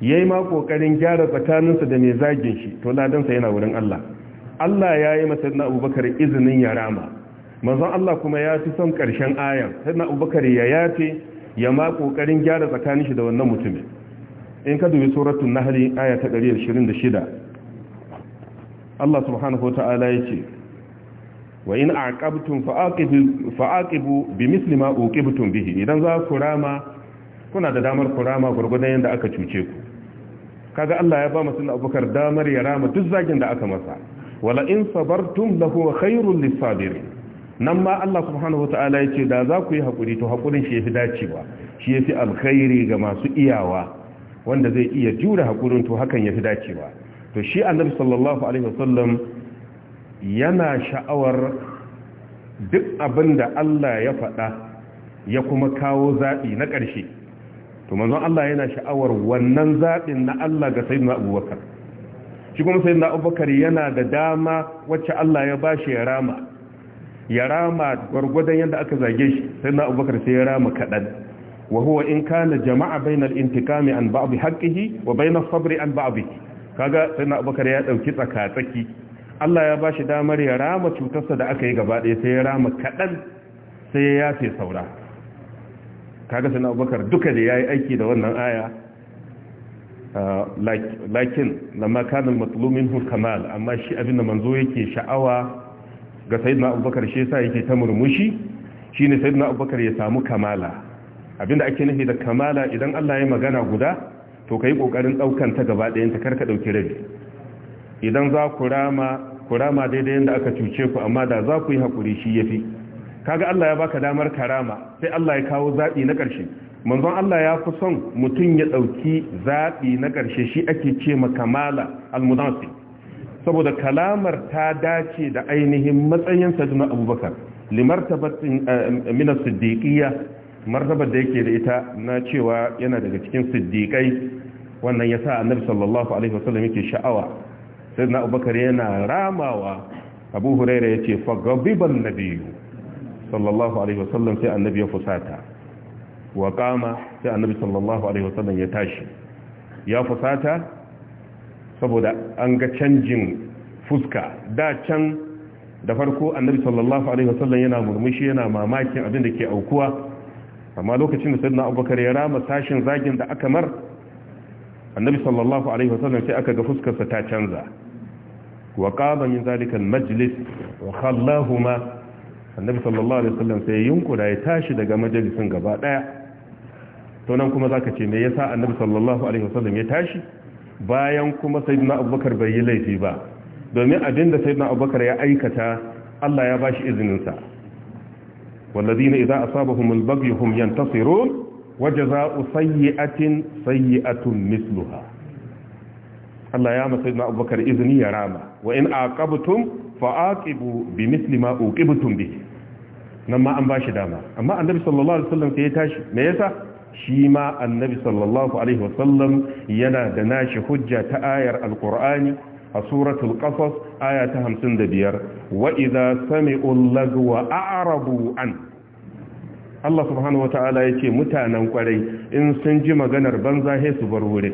yayi ma kokarin gyara tsakaninsa da mai zagin shi to ladan sa yana wurin Allah Allah ya yayi masa na abubakar izinin ya rama manzon Allah kuma ya fi son ƙarshen ayar na abubakar ya yafe. ya ma kokarin gyara tsakanin shi da wannan mutumin in ka dubi suratul nahl aya ta 126 Allah subhanahu wataala yace wa in aqabtum fa'aqibu bimithli ma uqibtum bihi idan za ku rama kuna da damar ku rama gurgudan yanda aka cuce ku kaga Allah ya ba musulun abubakar damar ya rama duk zagin da aka masa wala in sabartum lahu khairul lisabirin nan ma Allah subhanahu wata'ala ya ce da za ku yi haƙuri to haƙurin shi ya fi dacewa shi ya fi alkhairi ga masu iyawa wanda zai iya jure haƙurin to hakan ya fi dacewa to shi annabi sallallahu alaihi wasallam yana sha'awar duk abin da Allah ya faɗa ya kuma kawo zaɓi na ƙarshe to manzon Allah yana sha'awar wannan zaɓin na Allah ga sayyidina Abubakar shi kuma sayyidina Abubakar yana da dama wacce Allah ya bashi ya rama ya rama gwargwadon yadda aka zage shi sai na abubakar sai ya rama kaɗan wa huwa in kana jama'a bainal intikami an ba'd haqqihi wa bainal sabri an ba'd kaga sai na abubakar ya ɗauki tsaka tsaki Allah ya bashi damar ya rama cutarsa da aka yi gaba ɗaya sai ya rama kaɗan sai ya yafe saura kaga sai na abubakar duka da yi aiki da wannan aya lakin lamma kana al hu kamal amma shi abinda manzo yake sha'awa ga sayyidina abubakar shi yasa yake ta murmushi shine sayyidina abubakar ya samu kamala abinda ake nufi da kamala idan Allah ya magana guda to kai kokarin ɗaukan ta gaba ɗayan ta karka ɗauki rabi idan za ku rama ku rama daidai yanda aka cuce ku amma da za ku yi hakuri shi yafi kaga Allah ya baka damar karama sai Allah ya kawo zabi na ƙarshe manzon Allah ya fi son mutum ya ɗauki zaɓi na ƙarshe shi ake ce ma kamala al saboda kalamar ta dace da ainihin matsayin sajina abubakar limartabatin eh, mina siddiqiyya martabar da yake da ita na cewa yana daga cikin siddiqai wannan ya sa annabi sallallahu alaihi wasallam yake sha'awa sajina abubakar yana ramawa abu huraira yace fa gabiban nabiyyu sallallahu alaihi wasallam sai annabi ya fusata wa qama sai annabi sallallahu alaihi wasallam ya tashi ya fusata saboda an ga canjin fuska da can da farko annabi sallallahu alaihi wasallam yana murmushi yana mamakin abin da ke aukuwa amma lokacin da sayyidina abubakar ya rama sashin zagin da aka mar annabi sallallahu alaihi wasallam sai aka ga fuskarsa ta canza wa qama min zalika majlis wa khallahuma annabi sallallahu alaihi wasallam sai yunkura ya tashi daga majalisin gaba daya to nan kuma zaka ce me yasa annabi sallallahu alaihi wasallam ya tashi bayan kuma na abubakar bai yi laifi ba domin abin da na abubakar ya aikata Allah ya ba bashi izinin sa walladina idza asabahum albaghy hum yantasirun wajaza'u sayyi'atin sayyi'atun misluha Allah ya masa na abubakar izini ya rama wa in aqabtum fa'aqibu bimithli ma uqibtum bi. nan ma an ba shi dama amma annabi sallallahu alaihi wasallam sai ya tashi me yasa shi ma annabi sallallahu alaihi wasallam yana da nashi hujja ta ayar alqur'ani a suratul qasas aya ta biyar wa sami sami'u lagwa a'rabu an Allah subhanahu ya ce mutanen kwarai in sun ji maganar banza he su bar wuri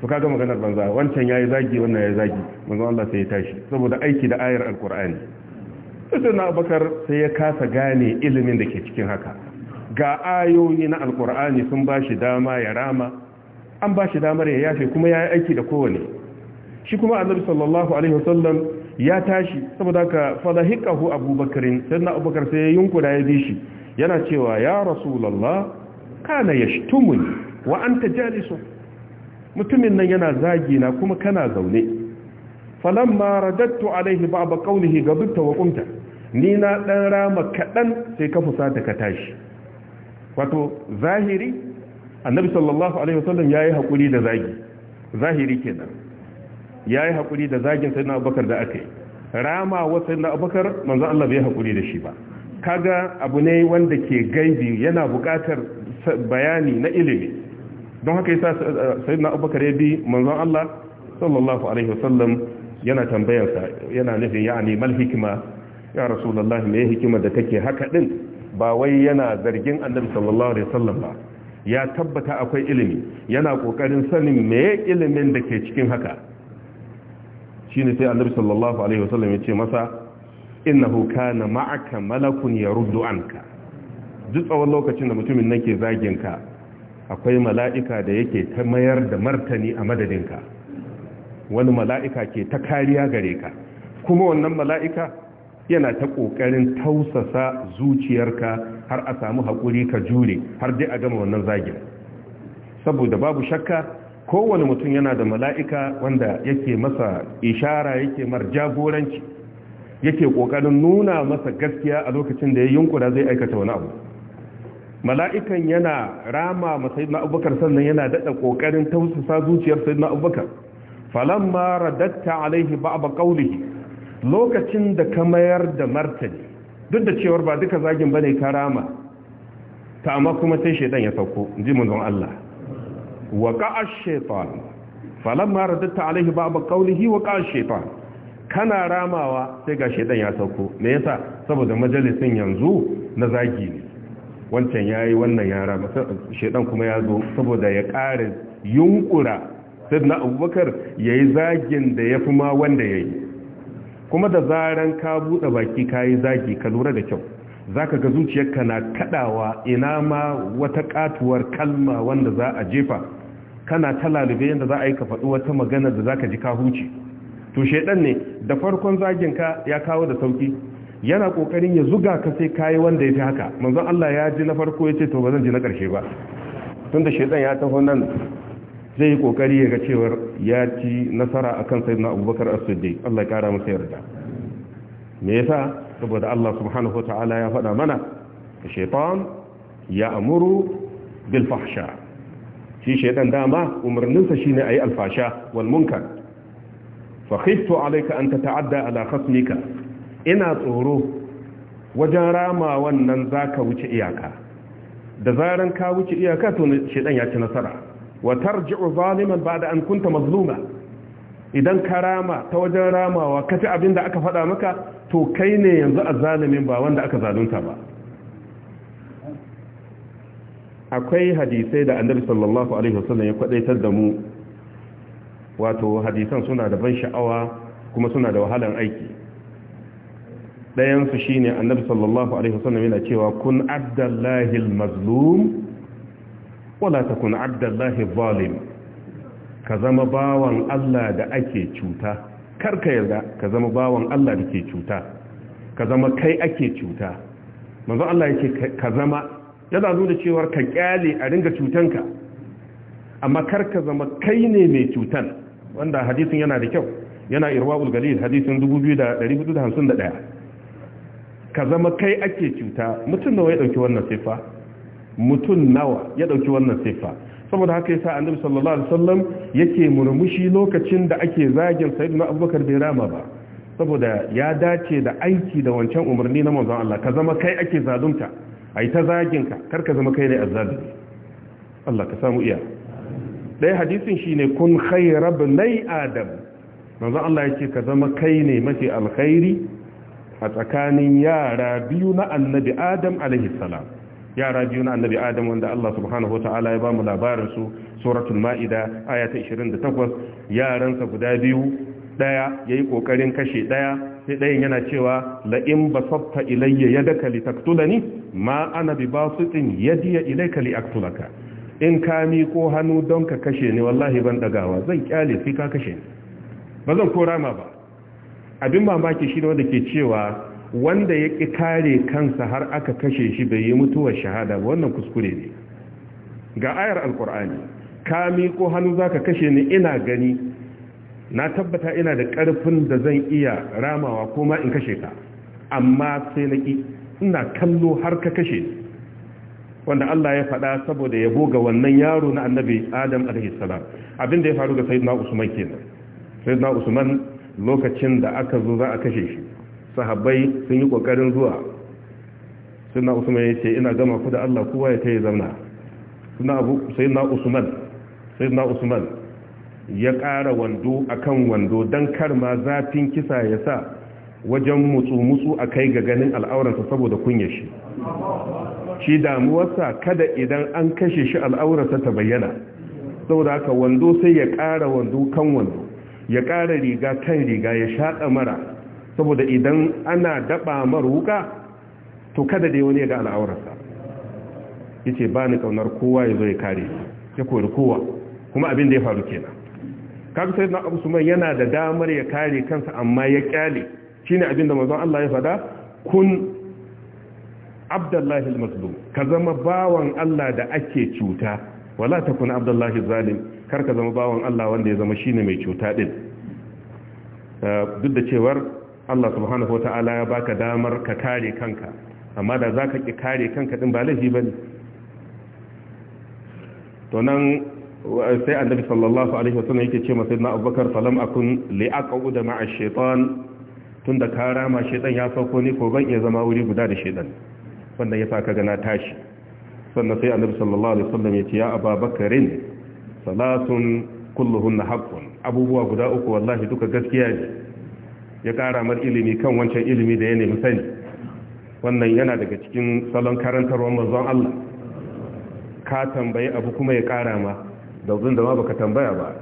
to kaga maganar banza wancan ya yi zagi wannan yayi zagi manzo Allah sai ya tashi saboda aiki da ayar alqur'ani sai na abakar sai ya kasa gane ilimin da ke cikin haka ga ayoyi na alkur'ani sun ba shi dama ya rama an ba shi damar ya yafe kuma ya yi aiki da kowane shi kuma annabi sallallahu alaihi wasallam ya tashi saboda ka fadahikahu abubakarin sannan abubakar sai ya yunkura ya bi shi yana cewa ya rasulallah kana yashtumuni wa anta jalisun mutumin nan yana zagi na kuma kana zaune falamma radattu alaihi ba'da qawlihi gabta wa qumta ni na dan rama kadan sai ka fusata ka tashi wato zahiri annabi sallallahu alaihi wasallam yayi hakuri da zagi zahiri kenan yayi hakuri da zagin sayyidina abubakar da aka yi rama wa sayyidina abubakar manzo Allah bai hakuri da shi ba kaga abu ne wanda ke gaibi yana buƙatar bayani na ilimi don haka yasa eh, sayyidina abubakar ya bi manzo Allah sallallahu alaihi wasallam yana tambayarsa yana nufin ya'ani mal hikima ya rasulullahi me hikima da take haka din ba wai yana zargin annabi sallallahu alaihi wasallam ba ya tabbata akwai ilimi yana kokarin sanin me ilimin da ke cikin haka shine sai annabi sallallahu alaihi wasallam ya ce masa innahu kana ma'aka malakun yaruddu anka duk tsawon lokacin da mutumin nan ke zagin ka akwai mala'ika da yake ta mayar da martani a madadinka wani mala'ika ke ta kariya gare ka kuma wannan mala'ika yana ta ƙoƙarin tausasa zuciyarka har a samu haƙuri ka jure har dai a gama wannan zagin saboda babu shakka kowane mutum yana da mala'ika wanda yake masa ishara yake mar jagoranci yake ƙoƙarin nuna masa gaskiya a lokacin da ya yunkura zai aikata wani abu mala'ikan yana rama masai na abubakar sannan yana daɗa ƙoƙarin tausasa zuciyar sai na abubakar falamma radatta alaihi ba a ba ƙaunihi lokacin da ka mayar da martani duk da cewar ba duka zagin bane karama ta amma kuma sai shaidan ya sauko ji manzon Allah wa qa'a shaytan falamma radatta alaihi babu qawlihi wa qa'a shaytan kana ramawa sai ga shaidan ya sauko me yasa saboda majalisin yanzu na zagi ne wancan yayi wannan ya rama shaidan kuma ya zo saboda ya ƙara yunkura na abubakar yayi zagin da yafi ma wanda yayi kuma da zaran ka buɗe baki ka yi zagi ka lura da kyau za ka ga zuciyarka na kaɗawa ina ma wata ƙatuwar kalma wanda za a jefa kana ta lalube yadda za a yi ka faɗi wata magana da za ka ji ka huce to shaidan ne da farkon zagin ka ya kawo da sauki yana kokarin ya zuga ka sai kayi wanda ya fi haka manzon Allah ya ji na farko ya ce to ba zan ji na ƙarshe ba tunda shaidan ya taho nan zai yi kokari ya ga cewar ya ci nasara akan sayyidina abubakar as-siddiq Allah ya kara masa yarda me yasa saboda Allah subhanahu wataala ya faɗa mana shaytan ya amuru bil fahsha shi shaytan dama umarninsa shine ayi al fasha wal munkar fa khiftu alayka an tata'adda ala khasmika ina tsoro wajen rama wannan zaka wuce iyaka da zaran ka wuce iyaka to shaytan ya ci nasara wa tarji'u zaliman ba'da an kunta mazluma idan ka rama ta wajen ramawa ka ci abin da aka faɗa maka to kai ne yanzu a zalimin ba wanda aka zalunta ba akwai hadisai da annabi sallallahu alaihi wasallam ya kwadaitar da mu wato hadisan suna da ban sha'awa kuma suna da wahalan aiki ɗayansu shine annabi sallallahu alaihi wasallam yana cewa kun abdallahi almazlum wala takun abdullahi zalim ka zama bawan Allah da ake cuta kar ka yarda ka zama bawan Allah da ke cuta ka zama kai ake cuta manzo Allah yake ka zama yana zo da cewar ka kyale a ringa cutanka amma kar ka zama kai ne mai cutan wanda hadisin yana da kyau yana irwaul galil hadisin 2451 ka zama kai ake cuta mutum da ya dauki wannan sifa mutum nawa ya dauki wannan siffa saboda haka yasa annabi sallallahu alaihi wasallam yake murmushi lokacin da ake zagin sayyidina abubakar bai rama ba saboda ya dace da aiki da wancan umarni na manzon Allah ka zama kai ake zalunta ai ta zagin ka kar ka zama kai ne azzalimi Allah ka samu iya dai hadisin shine kun khayra bani adam manzon Allah yake ka zama kai ne mafi alkhairi a tsakanin yara biyu na annabi adam alaihi salam yara biyu na annabi adam wanda Allah subhanahu wataala ya bamu labarin su suratul maida aya ta 28 yaran sa guda biyu daya yayi kokarin kashe daya sai dayan yana cewa la in basatta ilayya yadaka litaktulani ma ana bi basitin yadi ilayka liaktulaka in ka mi ko hannu don ka kashe ni wallahi ban dagawa zan kyale sai ka kashe ni ba zan korama ba abin mamaki shida ne wanda ke cewa wanda ya ƙi kare kansa har aka kashe shi bai yi mutuwar shahada wannan kuskure ne ga ayar alkur'ani ka miƙo hannu za ka kashe ni ina gani na tabbata ina da ƙarfin da zan iya ramawa ko ma in kashe ka amma sai na ƙi ina kallo har ka kashe ni wanda Allah ya faɗa saboda ya ga wannan yaro na annabi Adam alaihissalam abin da ya faru ga sayyidina Usman kenan sayyidina Usman lokacin da aka zo za a kashe shi sahabbai sun yi kokarin zuwa suna usman ya ce ina gama ku da Allah kowa ya tayi zamna suna abu sayyidina usman sayyidina usman ya ƙara wando akan wando dan karma zafin kisa ya sa wajen mutsu mutsu a kai ga ganin al'auransa saboda kunya shi shi damuwarsa kada idan an kashe shi al'aurarsa ta bayyana saboda haka wando sai ya ƙara wando kan wando ya ƙara riga kan riga ya shaɗa mara saboda idan ana daba maruka to kada dai wani ya ga al'aurarsa yace ba ni kaunar kowa ya zo ya kare ya kori kowa kuma abin da ya faru kenan kafin sai na Abu Suman yana da damar ya kare kansa amma ya kyale shine abin da manzon Allah ya fada kun Abdullahi al ka zama bawan Allah da ake cuta wala kun Abdullahi zalim kar ka zama bawan Allah wanda ya zama shine mai cuta din eh, duk da cewar Allah subhanahu wata'ala ya baka damar ka kare kanka amma da zaka ki kare kanka din ba laifi bane to nan sai annabi sallallahu alaihi wasallam yake ce masa na abubakar falam akun li aquda ma'a shaytan tunda ka rama shaytan ya sauko ni ko ban iya zama wuri guda da shaytan wanda ya saka gana tashi sannan sai annabi sallallahu alaihi wasallam yace ya ababakarin salatun kulluhunna haqqun abubuwa guda uku wallahi duka gaskiya ne ya ƙara mar ilimi kan wancan ilimi da ya nemi sani wannan yana daga cikin salon karantarwar mazan Allah ka tambaye abu kuma ya ƙara ma da zun da ma baka tambaya ba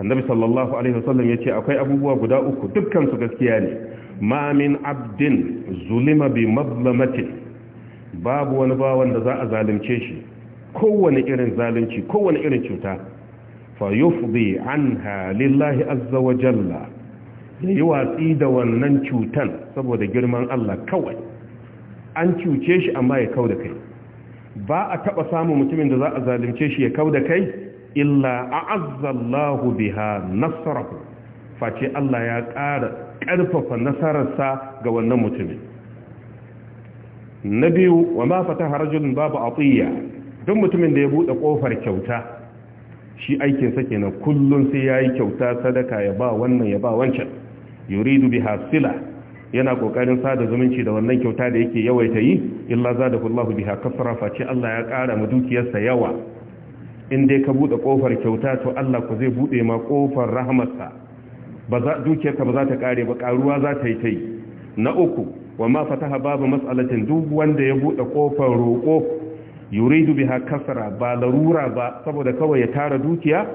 annabi sallallahu alaihi wasallam yace akwai abubuwa guda uku dukkan su gaskiya ne ma min abdin zulima bi mazlamatin babu wani bawan da za a zalunce shi kowane irin zalunci kowane irin cuta fa yufdi anha lillahi azza wa jalla ya yi watsi da wannan cutan saboda girman Allah kawai an cuce shi amma ya kau da kai ba a taɓa samun mutumin da za a zalimce shi ya kau da kai illa a'azzallahu biha nasarahu face Allah ya ƙara ƙarfafa nasararsa ga wannan mutumin na biyu wa ma fataha rajulun babu atiya duk mutumin da ya buɗe ƙofar kyauta shi aikinsa kenan kullum sai ya yi kyauta sadaka ya ba wannan ya ba wancan yuridu biha sila yana kokarin sada zumunci da wannan kyauta da yake yawaita yi illa zada Allahu biha kasra ce Allah ya kara mu dukiyarsa yawa in dai ka bude kofar kyauta to Allah ku zai bude ma kofar rahmarsa ba za dukiyarka ba za ta kare ba karuwa za ta yi tai na uku wa ma fataha babu mas'alatin duk wanda ya bude kofar roko yuridu biha kasra ba larura ba saboda kawai ya tara dukiya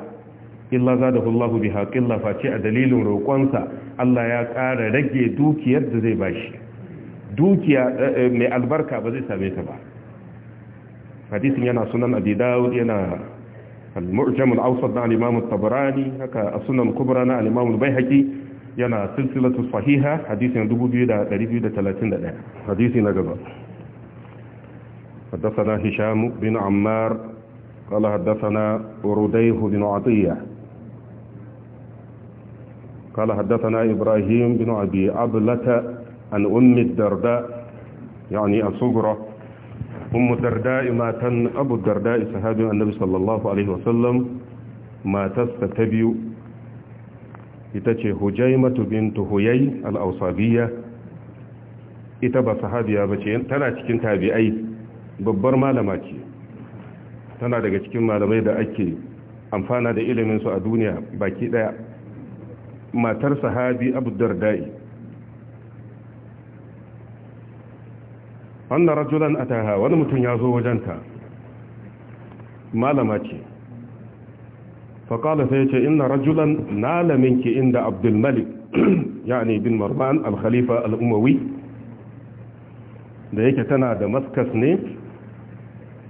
illa zadahu Allahu biha qilla face a dalilin roƙonsa Allah ya ƙara rage dukiyar da zai bashi dukiya mai albarka ba zai same ta ba hadisin yana sunan abi dawud yana al-mu'jam al-awsat na al-imam at-tabarani haka as-sunan kubra na al-imam al-baihaqi yana silsilatu sahiha hadisin 2231 hadisi na gaba حدثنا هشام بن عمار قال حدثنا رديه بن عطيه قال حدثنا إبراهيم بن أبي أبلة عن أم الدرداء يعني الصغرى أم الدرداء ما أبو الدرداء صحابي النبي صلى الله عليه وسلم ما تستتبيو itace hujaimatu bintu huyay al-awsabiyya ita ba sahabiya bace tana cikin tabi'ai babbar malama ce tana daga cikin malamai da ake amfana da iliminsu a duniya baki ɗaya. matar sahabi abu dardai wannan rajulan taha wani mutum ya zo wajenta malama ce faƙala sai ce ina rajulan nalaminki inda abdulmalik *clears throat* ya ne bin marman al-khalifa da yake tana da maskas ne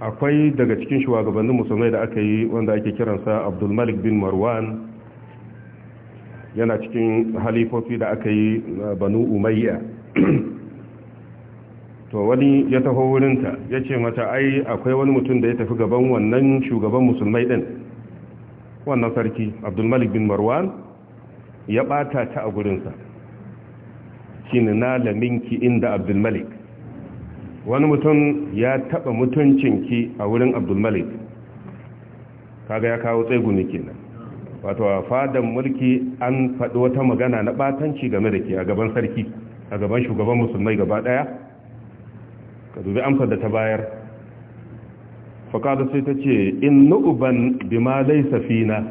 akwai daga cikin shugabannin musulmai da aka yi wanda ake kiransa abdulmalik bin marwan yana cikin halifofi da aka yi banu umayya to wani ya taho wurinta ya ce mata ai akwai wani mutum da ya tafi gaban wannan shugaban musulmai din wannan sarki abdulmalik bin marwan ya ɓata ta a gurinsa na laminki inda abdulmalik wani mutum ya taba mutuncinki a wurin abdulmalik kaga ya kawo ne kenan wato a fadan mulki an faɗi wata magana na batanci game da ke a gaban sarki a gaban shugaban musulmai gaba ɗaya ka dubi amsar da ta bayar faƙada sai ta ce in nu'uban bi ma laisa fina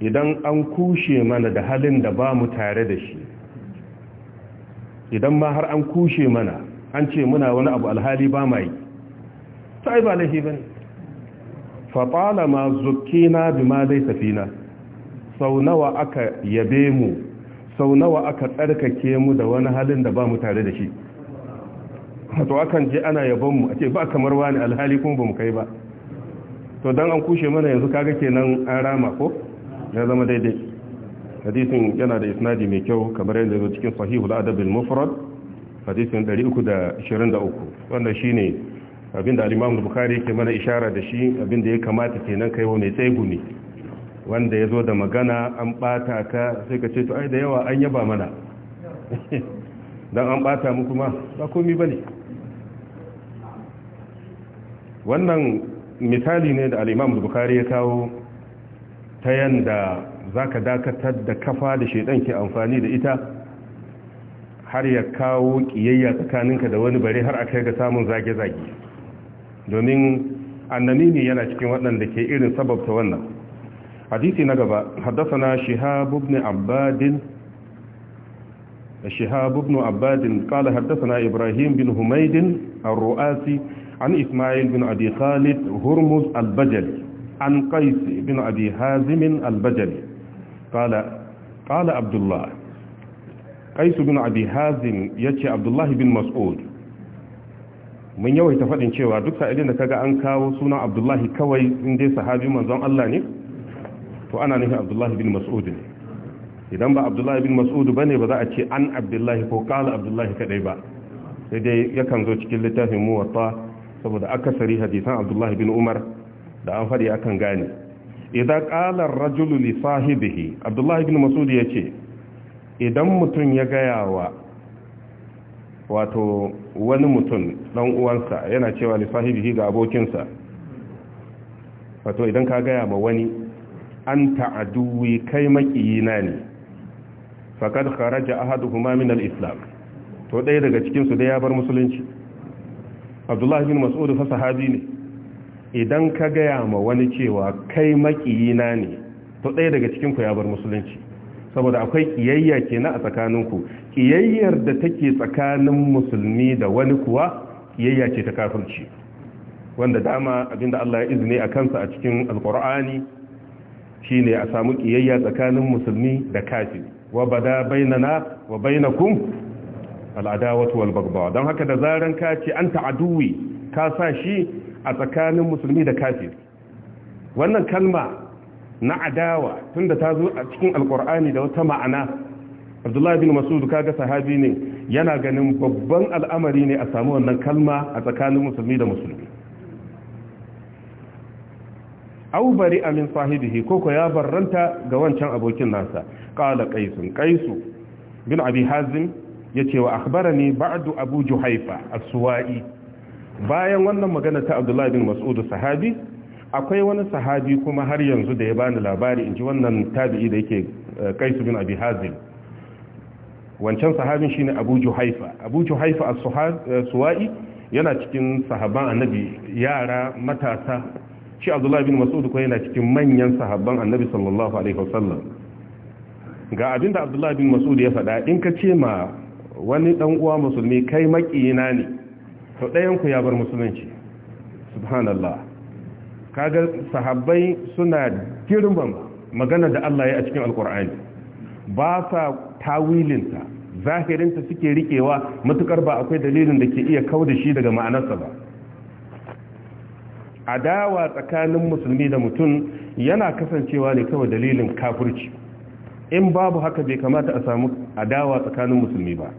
idan an kushe mana da halin da ba mu tare da shi idan ma har an kushe mana an ce muna wani abu alhali ba ma yi ta ai ba laifi ba ne fatala ma zukina bi ma dai safina sau nawa aka yabe mu sau nawa aka tsarkake mu da wani halin da ba mu tare da shi to akan je ana yabon mu a ce ba kamar wani alhali kuma ba mu kai ba to dan an kushe mana yanzu kaga kenan an rama ko ya zama daidai hadisin yana da isnadi mai kyau kamar yadda zo cikin sahihul adab al-mufrad hadisin 323 wanda shine abinda al-imam bukhari yake mana ishara da shi abinda ya kamata kenan kaiwa mai ne wanda ya zo da magana an bata ka sai ka ce to ai da yawa an yaba mana *laughs* don an bata mu kuma ba komi ba ne wannan misali ne da al'imam bukari ya kawo ta yanda za ka dakatar da kafa da shaidan ke amfani da ita har ya kawo ƙiyayya tsakaninka da wani bare har a kai ga samun zage-zage domin annamimi yana cikin waɗanda ke irin sababta wannan hadisi na gaba haddasana shihab ibn abbadin shihab ibn abbadin qala haddathana ibrahim bin humayd al ruasi an isma'il bin abi khalid hurmuz al-bajali an qais bin abi hazim al-bajali qala qala abdullah qais bin abi hazim yace abdullah bin mas'ud mun yawaita faɗin cewa duk sa'ilin da kaga an kawo sunan abdullahi kawai in dai sahabi manzon Allah ne to ana nufin abdullahi bin mas'ud ne idan ba abdullahi bin mas'ud bane ba za a ce an abdullahi ko kala abdullahi kadai ba sai dai yakan zo cikin littafin muwatta saboda akasari hadisan abdullahi bin umar da an faɗi akan gane idan qala rajulu li sahibihi abdullahi bin mas'ud yace idan mutum ya gaya wa wato wani mutum dan uwansa yana cewa li sahibihi ga abokinsa wato idan ka gaya ma wani an ta'aduwi kai makiyina ne faqad kharaja ahaduhuma min al-islam to ɗaya daga cikin su da ya bar musulunci Abdullahi bin Mas'ud fa sahabi ne idan ka gaya ma wani cewa kai makiyina ne to ɗaya daga cikin ku ya bar musulunci saboda akwai kiyayya kenan a tsakaninku kiyayyar da take tsakanin musulmi da wani kuwa kiyayya ce ta kafirci wanda dama abinda Allah ya izini a kansa a cikin alkur'ani shine a samu kiyayya tsakanin musulmi da kafiri wa bada bainana wa bainakum al'adawatu wal baghdha don haka da zaran ka ce an ta'aduwi ka sa shi a tsakanin musulmi da kafir wannan kalma na adawa tunda ta zo a cikin alkur'ani da wata ma'ana abdullahi bin masudu kaga sahabi ne yana ganin babban al'amari ne a samu wannan kalma a tsakanin musulmi da musulmi aubari bari amin sahibihi koko ya barranta ga wancan abokin nasa kala kaisun qaisu bin abi ya yace wa akhbarani ba'du abu juhaifa a suwai bayan wannan magana ta abdullahi bin mas'udu sahabi akwai wani sahabi kuma har yanzu da ya bani labari inji wannan tabi'i da yake kaisu eh, bin abi wancan sahabin shine Abu Juhaifa Abu Juhaifa as-Suwa'i eh, yana cikin sahaban Annabi yara matasa shi Abdullahi bin Mas'ud ko yana cikin manyan sahabban Annabi sallallahu alaihi wasallam ga abinda Abdullahi bin Mas'ud ya faɗa in ka ce ma wani dan uwa musulmi kai makiyina ne to ɗayan ku ya bar musulunci subhanallah kaga sahabbai suna girman magana da Allah ya a cikin alkur'ani ba sa tawilinta zahirinta suke rikewa matukar ba akwai dalilin da ke iya kau da shi daga ma'anarsa ba adawa tsakanin musulmi da mutum yana kasancewa ne kawai dalilin kafirci in babu haka bai kamata a samu adawa tsakanin musulmi ba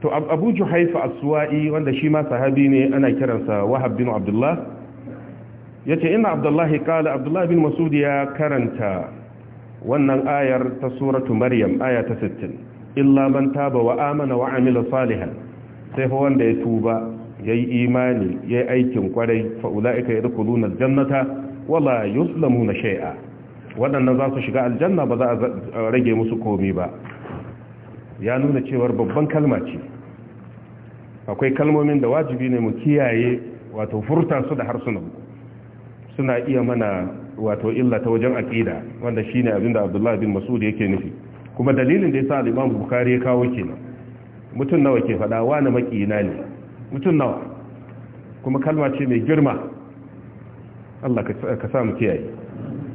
to abu juhaifa aswa'i wanda shi ma sahabi ne ana kiransa wahab bin abdullah yace inna abdullahi qala abdullah bin masud ya karanta wannan ayar ta suratu maryam aya ta 60 illa man taba wa amana wa amila salihan sai fa wanda ya tuba yayi imani yayi aikin kwarai fa ulaika yadkhuluna aljannata wala yuslamuna shay'a wadannan za su shiga aljanna ba za a rage musu komi ba ya nuna cewar babban kalma ce akwai kalmomin da wajibi ne mu kiyaye wato furta su da harsunan suna iya mana wato illa ta wajen aqida wanda shine abin da Abdullah bin Mas'ud yake nufi kuma dalilin da yasa al-Imam Bukhari ya kawo kenan mutun nawa ke fada wani makina ne mutun nawa kuma kalma ce mai girma Allah ka sa mu kiyaye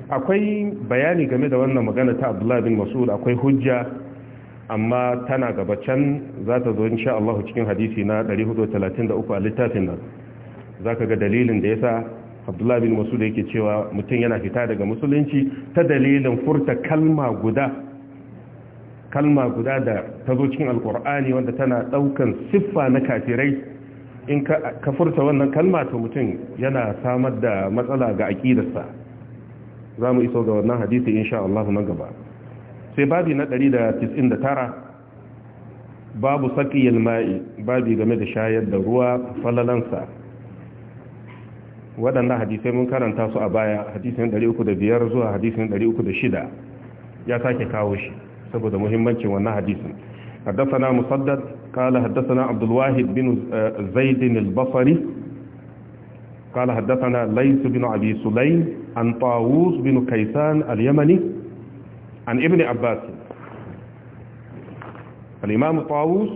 akwai bayani game da wannan magana ta Abdullah bin Mas'ud akwai hujja amma tana gaba can za ta zo insha Allah cikin hadisi na 433 a littafin nan zaka ga dalilin da yasa abdullahi bin masu da yake cewa mutum yana fita daga musulunci ta dalilin furta kalma guda kalma guda da ta zo cikin alkur'ani wanda tana daukan siffa na kafirai in ka furta wannan kalma to mutum yana samar da matsala ga aƙidarsa za mu iso ga wannan hadisi insha Allah nan gaba sai babi na 199 babu saqiyal ma'i babi game da shayar da ruwa falalansa waɗanda hadisai mun karanta su a baya hadisin 305 zuwa hadisin 306 ya sake kawo shi saboda muhimmancin wannan hadisin haddasa musaddad kala haddasa na bin eh, zaidin albasari kala haddasa laisu bin abi sulayn tawus bin kaisan al-yamani an ibn abbas al-imam tawus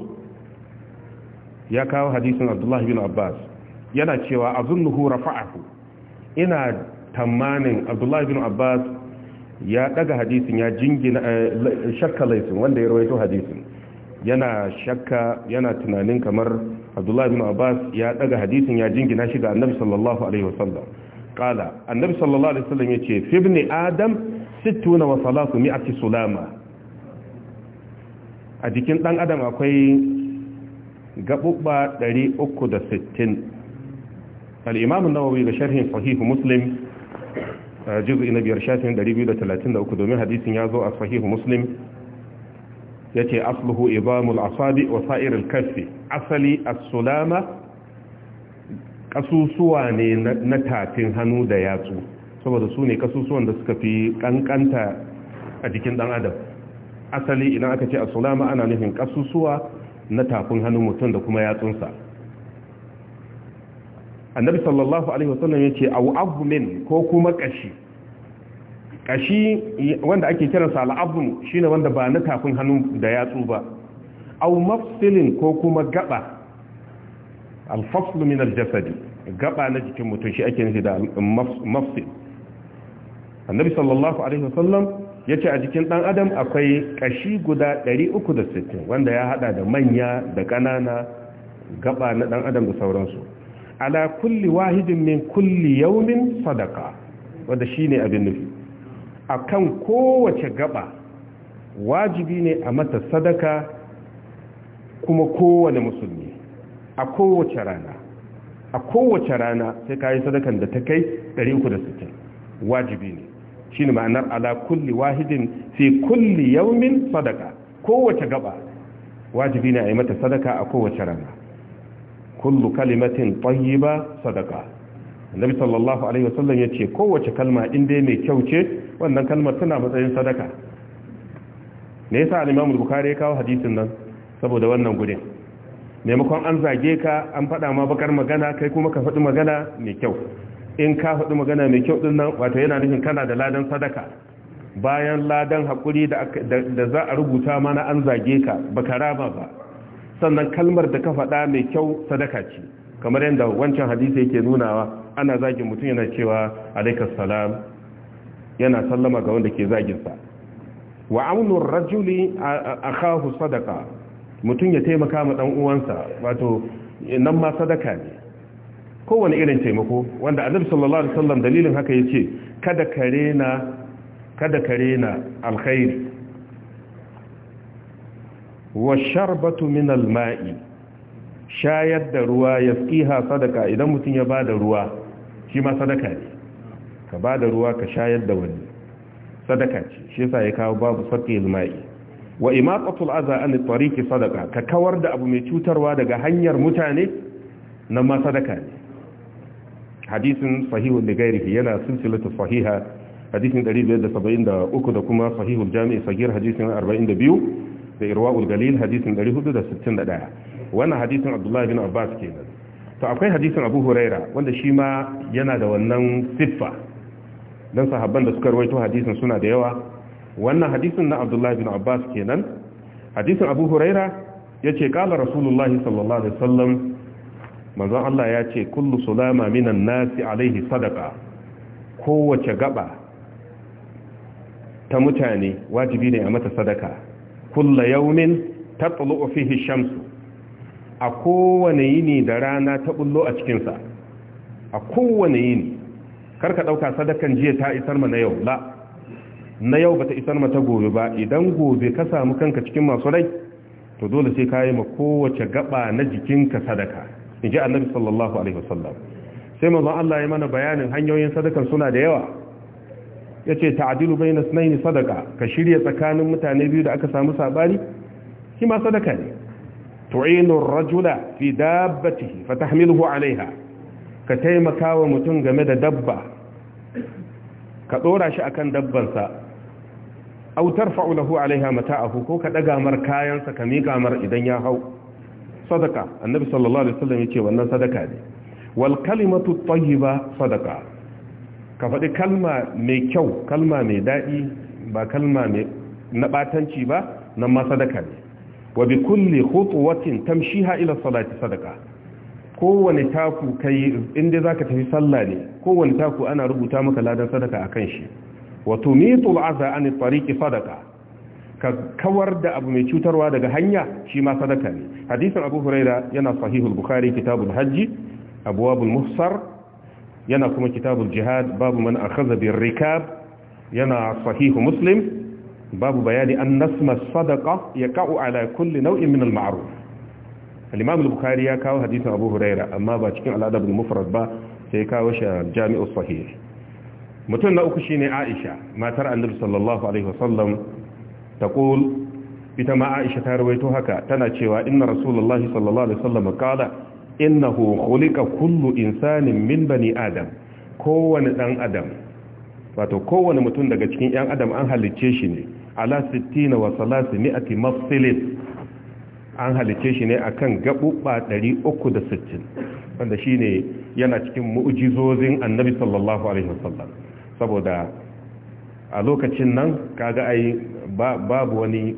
ya kawo hadisin abdullahid bin abbas yana cewa azunnuhu rafa'ahu ina tamanin abdullahi bin abbas ya daga hadisin ya jingina eh, shakka laifin wanda ya rawaito hadisin yana shakka yana tunanin kamar abdullahi bin abbas ya daga hadisin ya jingina shi ga annabi sallallahu alaihi wasallam Kala annabi sallallahu alaihi wasallam yace fi ibn adam 60 wa 300 sulama a jikin dan adam akwai gabubba 360 al النووي an صحيح مسلم جزء نبي muslim دريبي na biyar shafin حديث domin hadisin ya zo a إضام muslim yace asluhu أصلي السلامة asali as kasusuwa ne na tafin hannu da yatsu saboda su ne kasusuwan da suka fi kankanta a jikin dan adam asali idan aka ce as ana nufin kasusuwa na tafin hannun mutum da kuma yatsunsa annabi sallallahu alaihi wasallam yace au azmin ko kuma kashi kashi wanda ake kiransa al'azmu shine wanda ba na tafin hannu da yatsu ba au mafsilin ko kuma gaba al-fasl min al-jasad gaba na jikin mutum shi ake nufi da mafsil annabi sallallahu alaihi wasallam yace a jikin dan adam akwai kashi guda 360 wanda ya hada da manya da kanana gaba na dan adam da sauransu ala kulli wahidin min kulli yaumin sadaka wanda shine abin nufi akan kowace gaba wajibi ne a mata sadaka kuma kowane musulmi a kowace rana a kowace rana sai kayi sadakan da ta kai 360 wajibi ne shi ma'anar ala kulli wahidin fi kulli yaumin sadaka kowace gaba wajibi ne a yi mata sadaka a kowace rana kullu kalimatin tayyiba sadaka annabi sallallahu alaihi wasallam yace kowace kalma in dai mai kyau ce wannan kalmar tana matsayin sadaka me yasa al-Imam al-Bukhari ya kawo hadisin nan saboda wannan gudun maimakon an zage ka an faɗa ma bakar magana kai kuma ka faɗi magana mai kyau in ka faɗi magana mai kyau din nan wato yana nufin kana da ladan sadaka bayan ladan haƙuri da za a rubuta mana an zage ka baka raba ba sannan kalmar da ka faɗa mai kyau sadaka ce kamar yadda wancan hadisi yake nunawa ana zagin mutum yana cewa alaikas salam yana sallama ga wanda ke zaginsa wa aunur rajuli akahu sadaka mutum ya taimaka ma ɗan uwansa wato nan ma sadaka ne kowane irin taimako wanda annabi sallallahu alaihi wasallam dalilin haka ya ce kada ka na alkhairi wa sharbatu min alma'i shayar da ruwa ya tsiha sadaka idan mutum ya bada ruwa shi ma sadaka ne ka ba ruwa ka shayar da wani sadaka ce shi yasa ya kawo babu saqil ma'i wa imaqatul adha an tariqi sadaka ka kawar da abu mai cutarwa daga hanyar mutane nan ma sadaka ne hadisin sahihul lighairihi yana silsilatu sahiha hadisin 573 da kuma sahihul jami' sahih hadisin 42 da irwaul galil hadisin 461 wannan hadisin abdullahi bin abbas kenan to akwai hadisin abu huraira wanda shi ma yana da wannan siffa don sahabban da suka rawaito hadisin suna da yawa wannan hadisin na abdullahi bin abbas kenan hadisin abu huraira ya ce kala rasulullahi sallallahu alaihi sallam manzon Allah ya ce kullu sulama minan nasi alaihi sadaka kowace gaba ta mutane wajibi ne a mata sadaka kulla yaumin tatlu fihi shamsu a kowane yini da rana ta bullo a cikinsa a kowane yini ka ɗauka sadakan jiya ta isar ma na yau la na yau bata isar ma ta gobe ba idan gobe ka samu kanka cikin masu rai to dole sai ka yi ma kowace gaba na jikin ka sadaka in ji annabi sallallahu alaihi wasallam sai manzon Allah ya mana bayanin hanyoyin sadakan suna da yawa yace ta'dilu bayna ni sadaka ka shirya tsakanin mutane biyu da aka samu sabari shi ma sadaka ne tu'inu ar-rajula fi dabbatihi fatahmiluhu 'alayha ka taimakawa mutum game da dabba ka dora shi akan dabbansa aw tarfa'u lahu 'alayha mata'ahu ko ka daga mar kayansa ka mika mar idan ya hau sadaka annabi sallallahu alaihi wasallam yace wannan sadaka ne wal kalimatu at-tayyiba sadaka ka faɗi kalma mai kyau kalma mai daɗi ba kalma na ɓatanci ba nan ma sadaka ne wa bi kulli khutuwatin tamshiha ila salati sadaka kowane taku kai inda zaka tafi sallah ne kowane taku ana rubuta maka ladan sadaka akan shi wa tumitu al'aza an tariqi sadaka ka kawar da abu mai cutarwa daga hanya shi ma sadaka ne hadisin abu huraira yana sahihul bukhari kitabul hajji abwabul muhsar yana kuma kitabul jihad babu man akhadha bir rikab yana sahihu muslim babu bayani an nasma sadaqa yaqa'u ala kulli naw'in min al ma'ruf al-imam al-bukhari ya kawo hadisin abu huraira amma ba cikin al-adab al-mufrad ba sai kawo shi jami'u sahih mutum na uku shine aisha matar annabi sallallahu alaihi wasallam taqul ita ma aisha ta rawaito haka tana cewa inna rasulullahi sallallahu alaihi wasallam qala innahu khuliqa kullu insanin min bani adam kowane dan adam wato kowane mutum daga cikin yan adam an halicce shi ne ala 60 wa 300 mafsilin an halicce shi ne akan gabubba 360 wanda shine yana cikin mu'jizozin annabi sallallahu alaihi wasallam saboda a lokacin nan kaga ai babu wani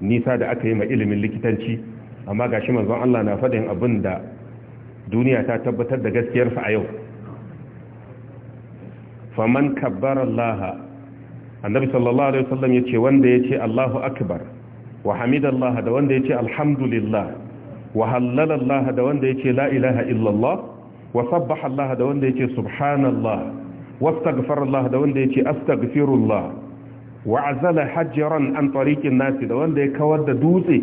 nisa da aka yi ma ilimin likitanci amma gashi manzon Allah na faɗin abin da duniya ta tabbatar da gaskiyarsa a yau faman kabbar Allah annabi sallallahu alaihi wasallam yace wanda yace Allahu akbar wa hamidallah da wanda yace alhamdulillah wa hallalallah da wanda yace la ilaha illallah wa sabbahallah da wanda yace subhanallah wastaghfarallah da wanda yace astaghfirullah wa azala hajran an tariqin nasi da wanda ya kawar da dutse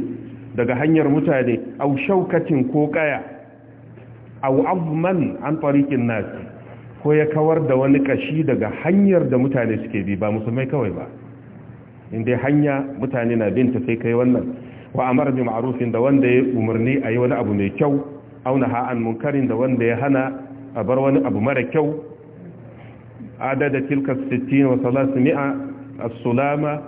daga hanyar mutane au shaukatin ko kaya au azman an tariqin nasi ko ya kawar da wani kashi daga hanyar da mutane suke bi ba musulmai kawai ba inda hanya mutane na binta sai kai wannan wa amara bi ma'rufin da wanda ya umarni ayi wani abu mai kyau auna ha'an munkarin da wanda ya hana a bar wani abu mara kyau adada tilka 60 wa 300 as-sulama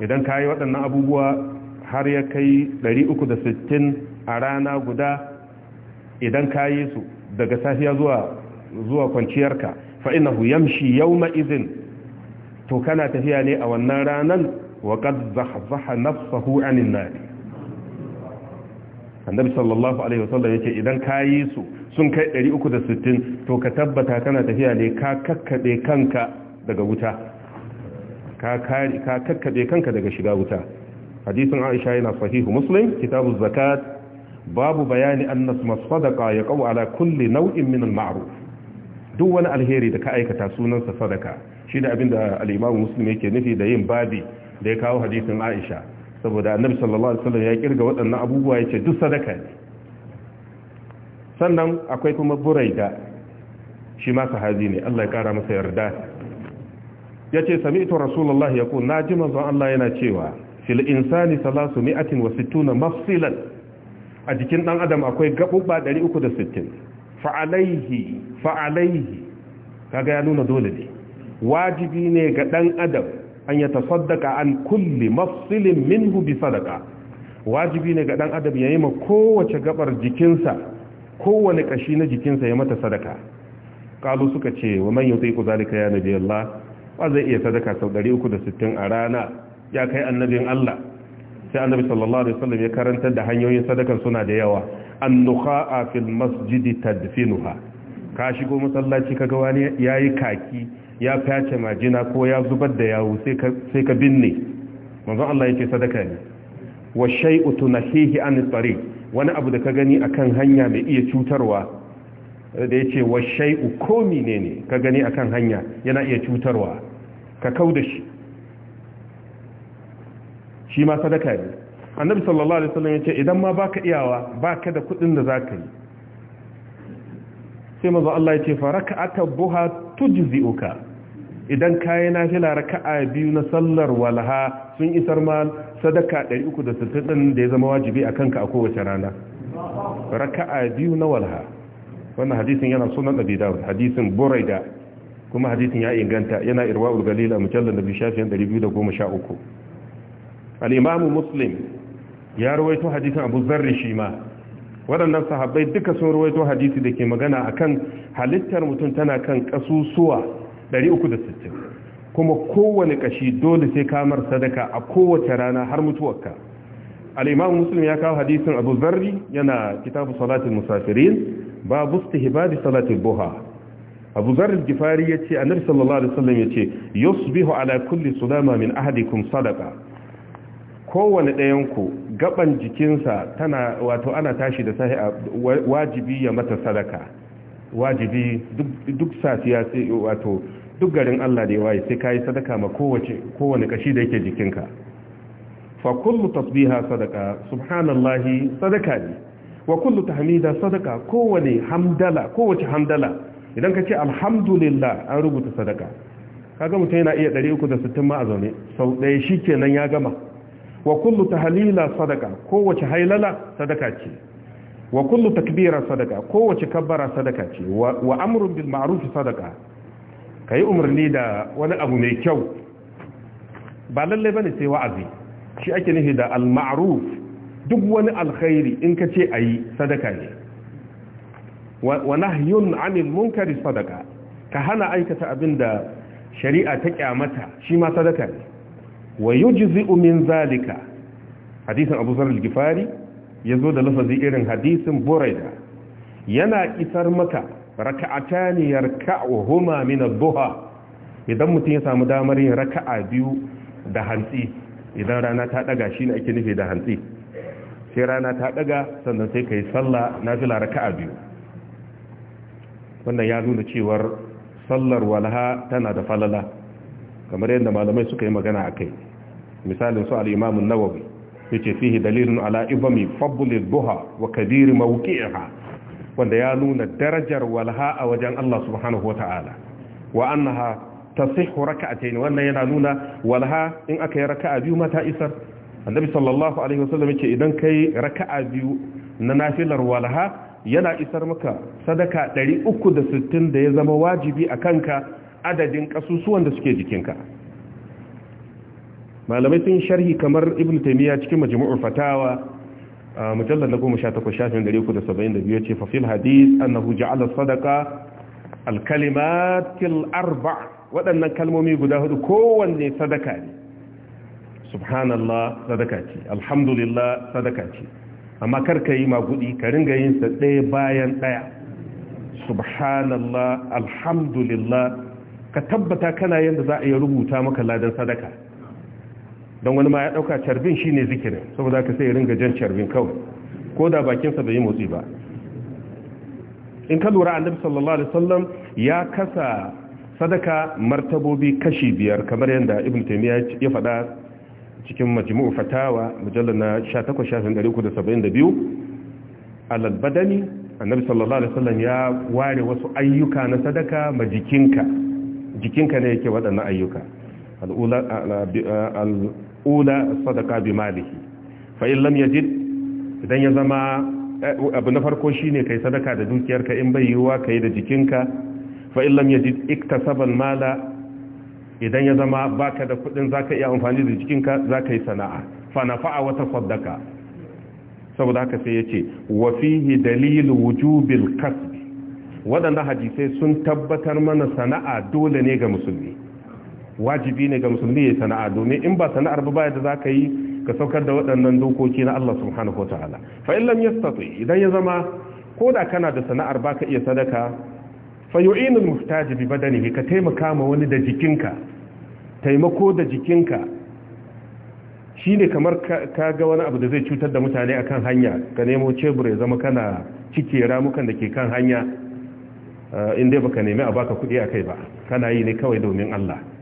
idan kai waɗannan abubuwa har ya kai 360 a rana guda idan ka yi su daga safiya zuwa zuwa kwanciyarka fa innahu yamshi yawma idhin to kana tafiya ne a wannan ranan wa qad zahzaha nafsuhu anin nar annabi sallallahu alaihi wasallam yake idan ka yi su sun kai 360 to ka tabbata kana tafiya ne ka kakkade kanka daga wuta ka kare ka kanka daga shiga wuta hadisin Aisha yana sahihu Muslim kitabu zakat babu bayani annas ya kawo ala kulle nau'in min maruf duk wani alheri da ka aikata sunansa sadaka da abinda al musulmi yake nufi da yin babi da ya kawo hadisin Aisha saboda Annabi sallallahu alaihi wasallam ya kirga waɗannan abubuwa ce duk sadaka ne sannan akwai kuma Buraida shi ma sahabi ne Allah ya kara masa yarda yace sami'tu rasulullahi na ji manzon Allah yana cewa fil insani 360 mafsilan a jikin ɗan adam akwai gaɓuɓɓa 360 fa'alaihi fa'alaihi kaga ya nuna dole ne wajibi ne ga ɗan adam an ya tasaddaka an kulli mafsilin minhu bi sadaka wajibi ne ga ɗan adam ya yi ma kowace gabar jikinsa kowane ƙashi na jikinsa ya mata sadaka kalu suka ce wa man yuti ku zalika ya nabi Allah ba zai iya sadaka sau 360 a rana ya kai annabin Allah sai annabi sallallahu alaihi wasallam ya karanta da hanyoyin sadakar suna da yawa annukha'a fil masjidi tadfinuha ka shigo masallaci kaga wani yayi kaki ya fyace majina ko ya zubar da yawo sai ka sai ka binne manzon Allah yake sadaka ne wa shay'u tunahihi an tariq wani abu da ka gani akan hanya mai iya cutarwa da yace wa shay'u ko ne ka gani akan hanya yana iya cutarwa ka kauda shi shi ma sadaka ne annabi sallallahu alaihi wasallam yace idan ma baka iyawa baka da kudin da zaka yi sai manzo Allah yace fa raka'ata buha tujzi'uka idan kai nafila raka'a biyu na sallar walha sun isar ma sadaka 360 din da ya zama wajibi akan ka a kowace rana raka'a biyu na walha wannan hadisin yana sunan Abi Dawud hadisin Buraida kuma hadisin ya inganta yana irwa irwaul galil a mujallal nabi shafiyan 213 al'imamu muslim ya ruwaito hadisin abu zarri shi waɗannan sahabbai duka sun ruwaito hadisi da ke magana akan halittar mutum tana kan ƙasusuwa 360 kuma kowane ƙashi dole sai kamar sadaka a kowace rana har mutuwarka al'imamu muslim ya kawo hadisin abu zarri yana kitabu salatin musafirin babu stihibadi salatin buha abu zarar gifari ya ce annabi sallallahu alaihi wasallam ya ce yusbihu ala kulli sulama min ahadi ahadikum sadaka? kowane ɗayanku gaban jikinsa tana wato ana tashi da sahi wajibi ya mata sadaka wajibi duk safiya sai wato duk garin Allah da ya waye sai kayi sadaka ma kowace kowane kashi da yake jikinka fa kullu tasbiha sadaka subhanallahi sadaka ne wa kullu tahmida sadaka kowane hamdala kowace hamdala idan ka ce alhamdulillah an rubuta sadaka kaga mutum yana iya 360 ma a zaune sau ɗaya shi shikenan ya gama wa kullu tahlila sadaka kowace hailala sadaka ce wa kullu takbira sadaka kowace kabbara sadaka ce wa amrun bil ma'ruf sadaka kai umarni da wani abu mai kyau ba lalle bane sai wa'azi shi ake nufi da al ma'ruf duk wani alkhairi in ka ce ayi sadaka ne wa nahyun 'anil munkari sadaka ka hana aikata abinda shari'a ta kyamata shi ma sadaka ne wa min zalika hadisin Abu Zar al zo yazo da lafazi irin hadisin Buraida yana isar maka yarka'u huma min ad-duha idan mutum ya samu damar yin raka'a biyu da hantsi idan rana ta daga shine ake nufi da hantsi sai rana ta daga sannan sai kai sallah nafila raka'a biyu wannan ya nuna cewar sallar walha tana da falala kamar yadda malamai suka yi magana a kai misalin su al nawabi an ce yace fihi dalilin ala ibami fadl duha wa kadir mawqi'iha wanda ya nuna darajar walha a wajen Allah subhanahu ta'ala wa raka a rak'atayn wannan yana nuna walha in aka yi raka'a biyu mata isar annabi sallallahu alaihi wasallam yace idan kai raka'a biyu na nafilar walha yana isar maka sadaka 360 da ya zama wajibi a kanka adadin kasusuwan da suke jikinka malamai sun sharhi kamar ibn taymiya cikin majmu'ul fatawa mujallad na 18 shafin 372 yace fa fil hadith annahu ja'ala sadaqa al kalimat al arba' wadannan kalmomi guda hudu kowanne sadaka ne subhanallah sadaka ce alhamdulillah sadaka ce amma ka yi magudi ka ringa yin sa ɗaya bayan ɗaya subhanallah alhamdulillah ka tabbata kana yanda za a yi rubuta maka ladan sadaka don wani ma ya dauka carbin shine zikirin saboda ka sai ringa jan carbin kawai ko da bakinsa bai yi motsi ba in ka lura annabi sallallahu alaihi wasallam ya kasa sadaka martabobi kashi biyar kamar yadda ibn taymiya ya faɗa cikin majmu'u fatawa mujallal na 18 alal badani annabi sallallahu alaihi wasallam ya ware wasu ayyuka na sadaka ma jikinka jikinka ne yake waɗannan ayyuka al'ula ula sadaka bi malihi fa in lam yajid idan ya zama abu na farko shine kai sadaka da dukiyarka in bai yiwuwa kai da jikinka fa in lam yajid iktasaba mala idan ya zama baka da kudin zaka iya amfani da jikinka zaka yi sana'a fa nafa'a wa tasaddaqa saboda haka sai yace wa fihi dalilu wujubil kasb waɗanda hadisai sun tabbatar mana sana'a dole ne ga musulmi wajibi ne ga musulmi ya sana'a domin in ba sana'ar ba baya za ka yi ka saukar da waɗannan dokoki na Allah subhanahu wa ta'ala fa in lam idan ya zama ko da kana da sana'ar ba ka iya sadaka fa yu'inu al-muhtaj bi badanihi ka taimaka ma wani da jikinka taimako da jikinka shine kamar ka ga wani abu da zai cutar da mutane akan hanya ka nemo cebur ya zama kana cike ramukan da ke kan hanya eh, in dai baka nemi a baka kuɗi a kai ba kana yi ne kawai domin Allah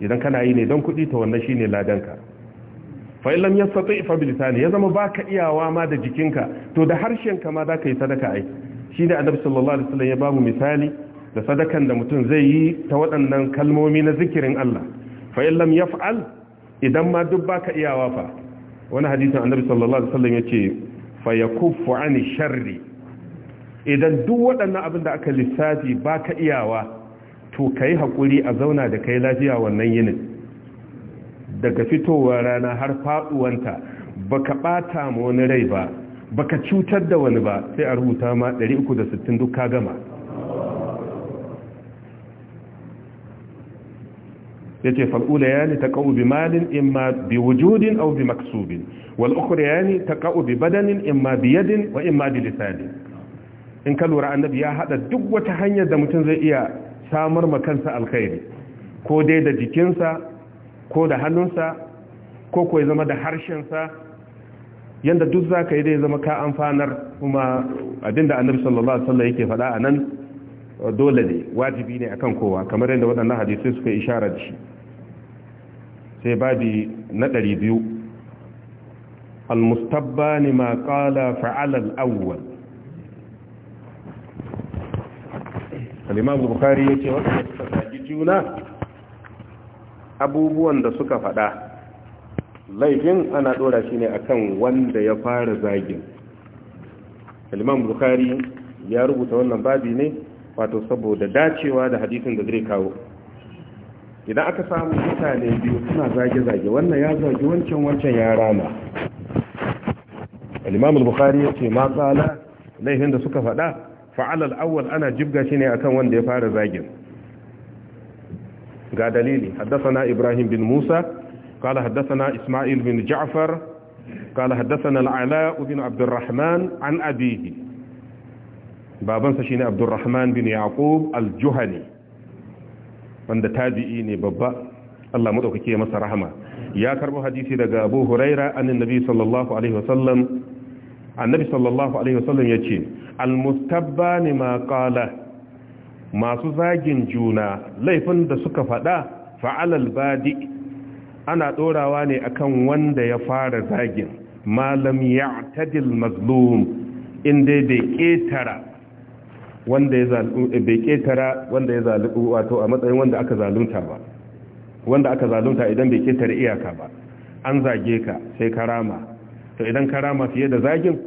idan kana yi ne don kuɗi ta wannan shine ladanka fa ya yastati ifabilita ne ya zama baka iyawa ma da jikinka to da harshenka ma zaka yi sadaka ai shi ne annabi sallallahu alaihi wasallam ya ba mu misali da sadakan da mutum zai yi ta waɗannan kalmomi na zikirin Allah fa illam yaf'al idan ma duk ka iyawa fa wani hadisin annabi sallallahu alaihi fa yakuffu ani sharri idan duk waɗannan abin da aka lissafi baka iyawa to yi hakuri a zauna da kai lafiya wannan yinin daga fitowar rana har faduwanta baka ɓata ma wani rai ba ka cutar da wani ba sai a rubuta ma 360 duk ka gama ya ce fal'ula ya ne ta ƙa'u bi malin in ma bi wujudin au bi maksubin wal'ukura ya ne ta ƙa'u bi badanin in ma bi yadin wa in ma bi lisanin in ka lura annabi ya haɗa duk wata hanyar da mutum zai iya samar ma kansa alkhairi ko dai da jikinsa ko da hannunsa ko kai zama da harshensa yanda duk za ka yi dai zama ka amfanar kuma abinda annabi sallallahu alaihi wasallam yake faɗa a nan dole ne wajibi ne akan kowa kamar yadda waɗannan hadisai suka ishara da shi sai babi na ɗari biyu al-mustabba ne ma ƙala fa'alal awwal al-imam bukhari yace wanda suka zagi juna abubuwan da suka faɗa laifin ana dora shi ne akan wanda ya fara zagin al-imam bukhari ya rubuta wannan babi ne wato saboda dacewa da hadisin da zai kawo idan aka samu mutane biyu suna zage-zage wannan ya zage wancan wancan ya rama al-imam bukhari yace ma qala laifin da suka faɗa fa'alal awal ana jibga shi ne akan wanda ya fara zagin ga dalili hadasana ibrahim bin musa qala haddathana isma'il bin ja'far qala haddathana al-ala bin abdurrahman an abihi babansa shine abdurrahman bin yaqub al-juhani wanda tabi'i ne babba Allah madaukake masa rahama ya karbo hadisi daga Abu Huraira annabi sallallahu alaihi wasallam annabi sallallahu alaihi wasallam ya ce almustabba ne ma kala masu zagin juna laifin da suka faɗa fa'alal badi ana ɗorawa ne akan wanda ya fara zagin malam ya tadil mazlum inda bai ƙetara wanda ya ƙetara wato a matsayin wanda aka zalunta ba wanda aka zalunta idan bai ƙetare iyaka ba an zage ka sai karama to idan karama fiye da zagin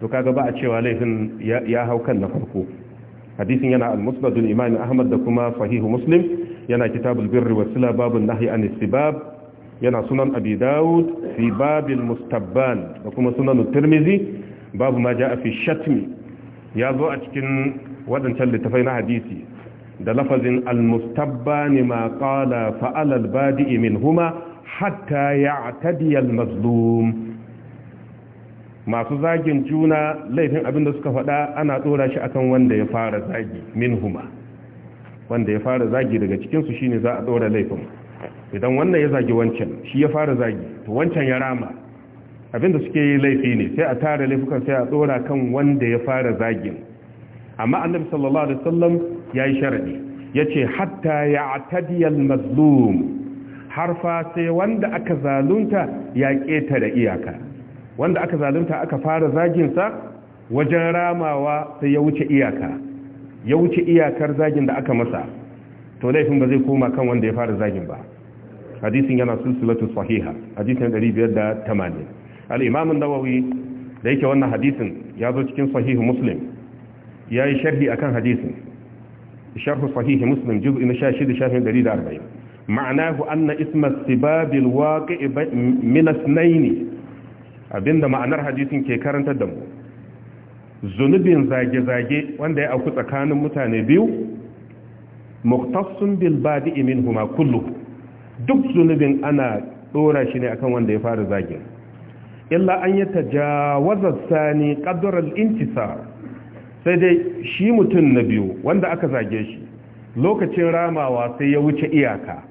to kaga ba a cewa laifin ya hau kan na farko hadisin yana al-musnadul imam ahmad da kuma sahihu muslim yana kitabul birri wasila sila babun nahyi an istibab yana sunan abi daud fi babil mustabban da kuma sunan tirmizi babu ma jaa fi shatmi ya zo a cikin wadancan littafai na hadisi da lafazin al-mustabban ma qala fa'ala al-badi'i minhuma hatta ya'tadi al-mazlum masu zagin juna laifin abin da suka faɗa ana tsora shi akan wanda ya fara zagi min huma wanda ya fara zagi daga cikinsu shi ne za a tsora laifin idan wannan ya zagi wancan shi ya fara zagi to wancan ya rama abin da suke yi laifi ne sai a tara laifukan sai a tsora kan wanda ya fara zagin amma annabi sallallahu alaihi wasallam ya yi sharadi ya ce hatta ya atadiyal mazlum har fa sai wanda aka zalunta ya ƙetare iyaka wanda aka zalunta aka fara zaginsa wajen ramawa sai ya wuce iyaka ya wuce iyakar zagin da aka masa to laifin ba zai koma kan wanda ya fara zagin ba hadisin yana sulsulatu sahiha hadisin 580 al-imam an-nawawi da yake wannan hadisin ya zo cikin sahihu muslim ya yi sharhi akan hadisin sharhu sahihi muslim juz'i na 16 shafin 140 ma'anahu anna isma sibabil waqi' min asnayn abinda ma'anar hadisin ke karantar da mu zunubin zage-zage wanda ya auku tsakanin mutane biyu muktassun bil badi'i minhuma kullu duk zunubin ana dora shi ne akan wanda ya fara zagin illa an ya tajawaza sani qadar al intisar sai dai shi mutum na biyu wanda aka zage shi lokacin ramawa sai ya wuce iyaka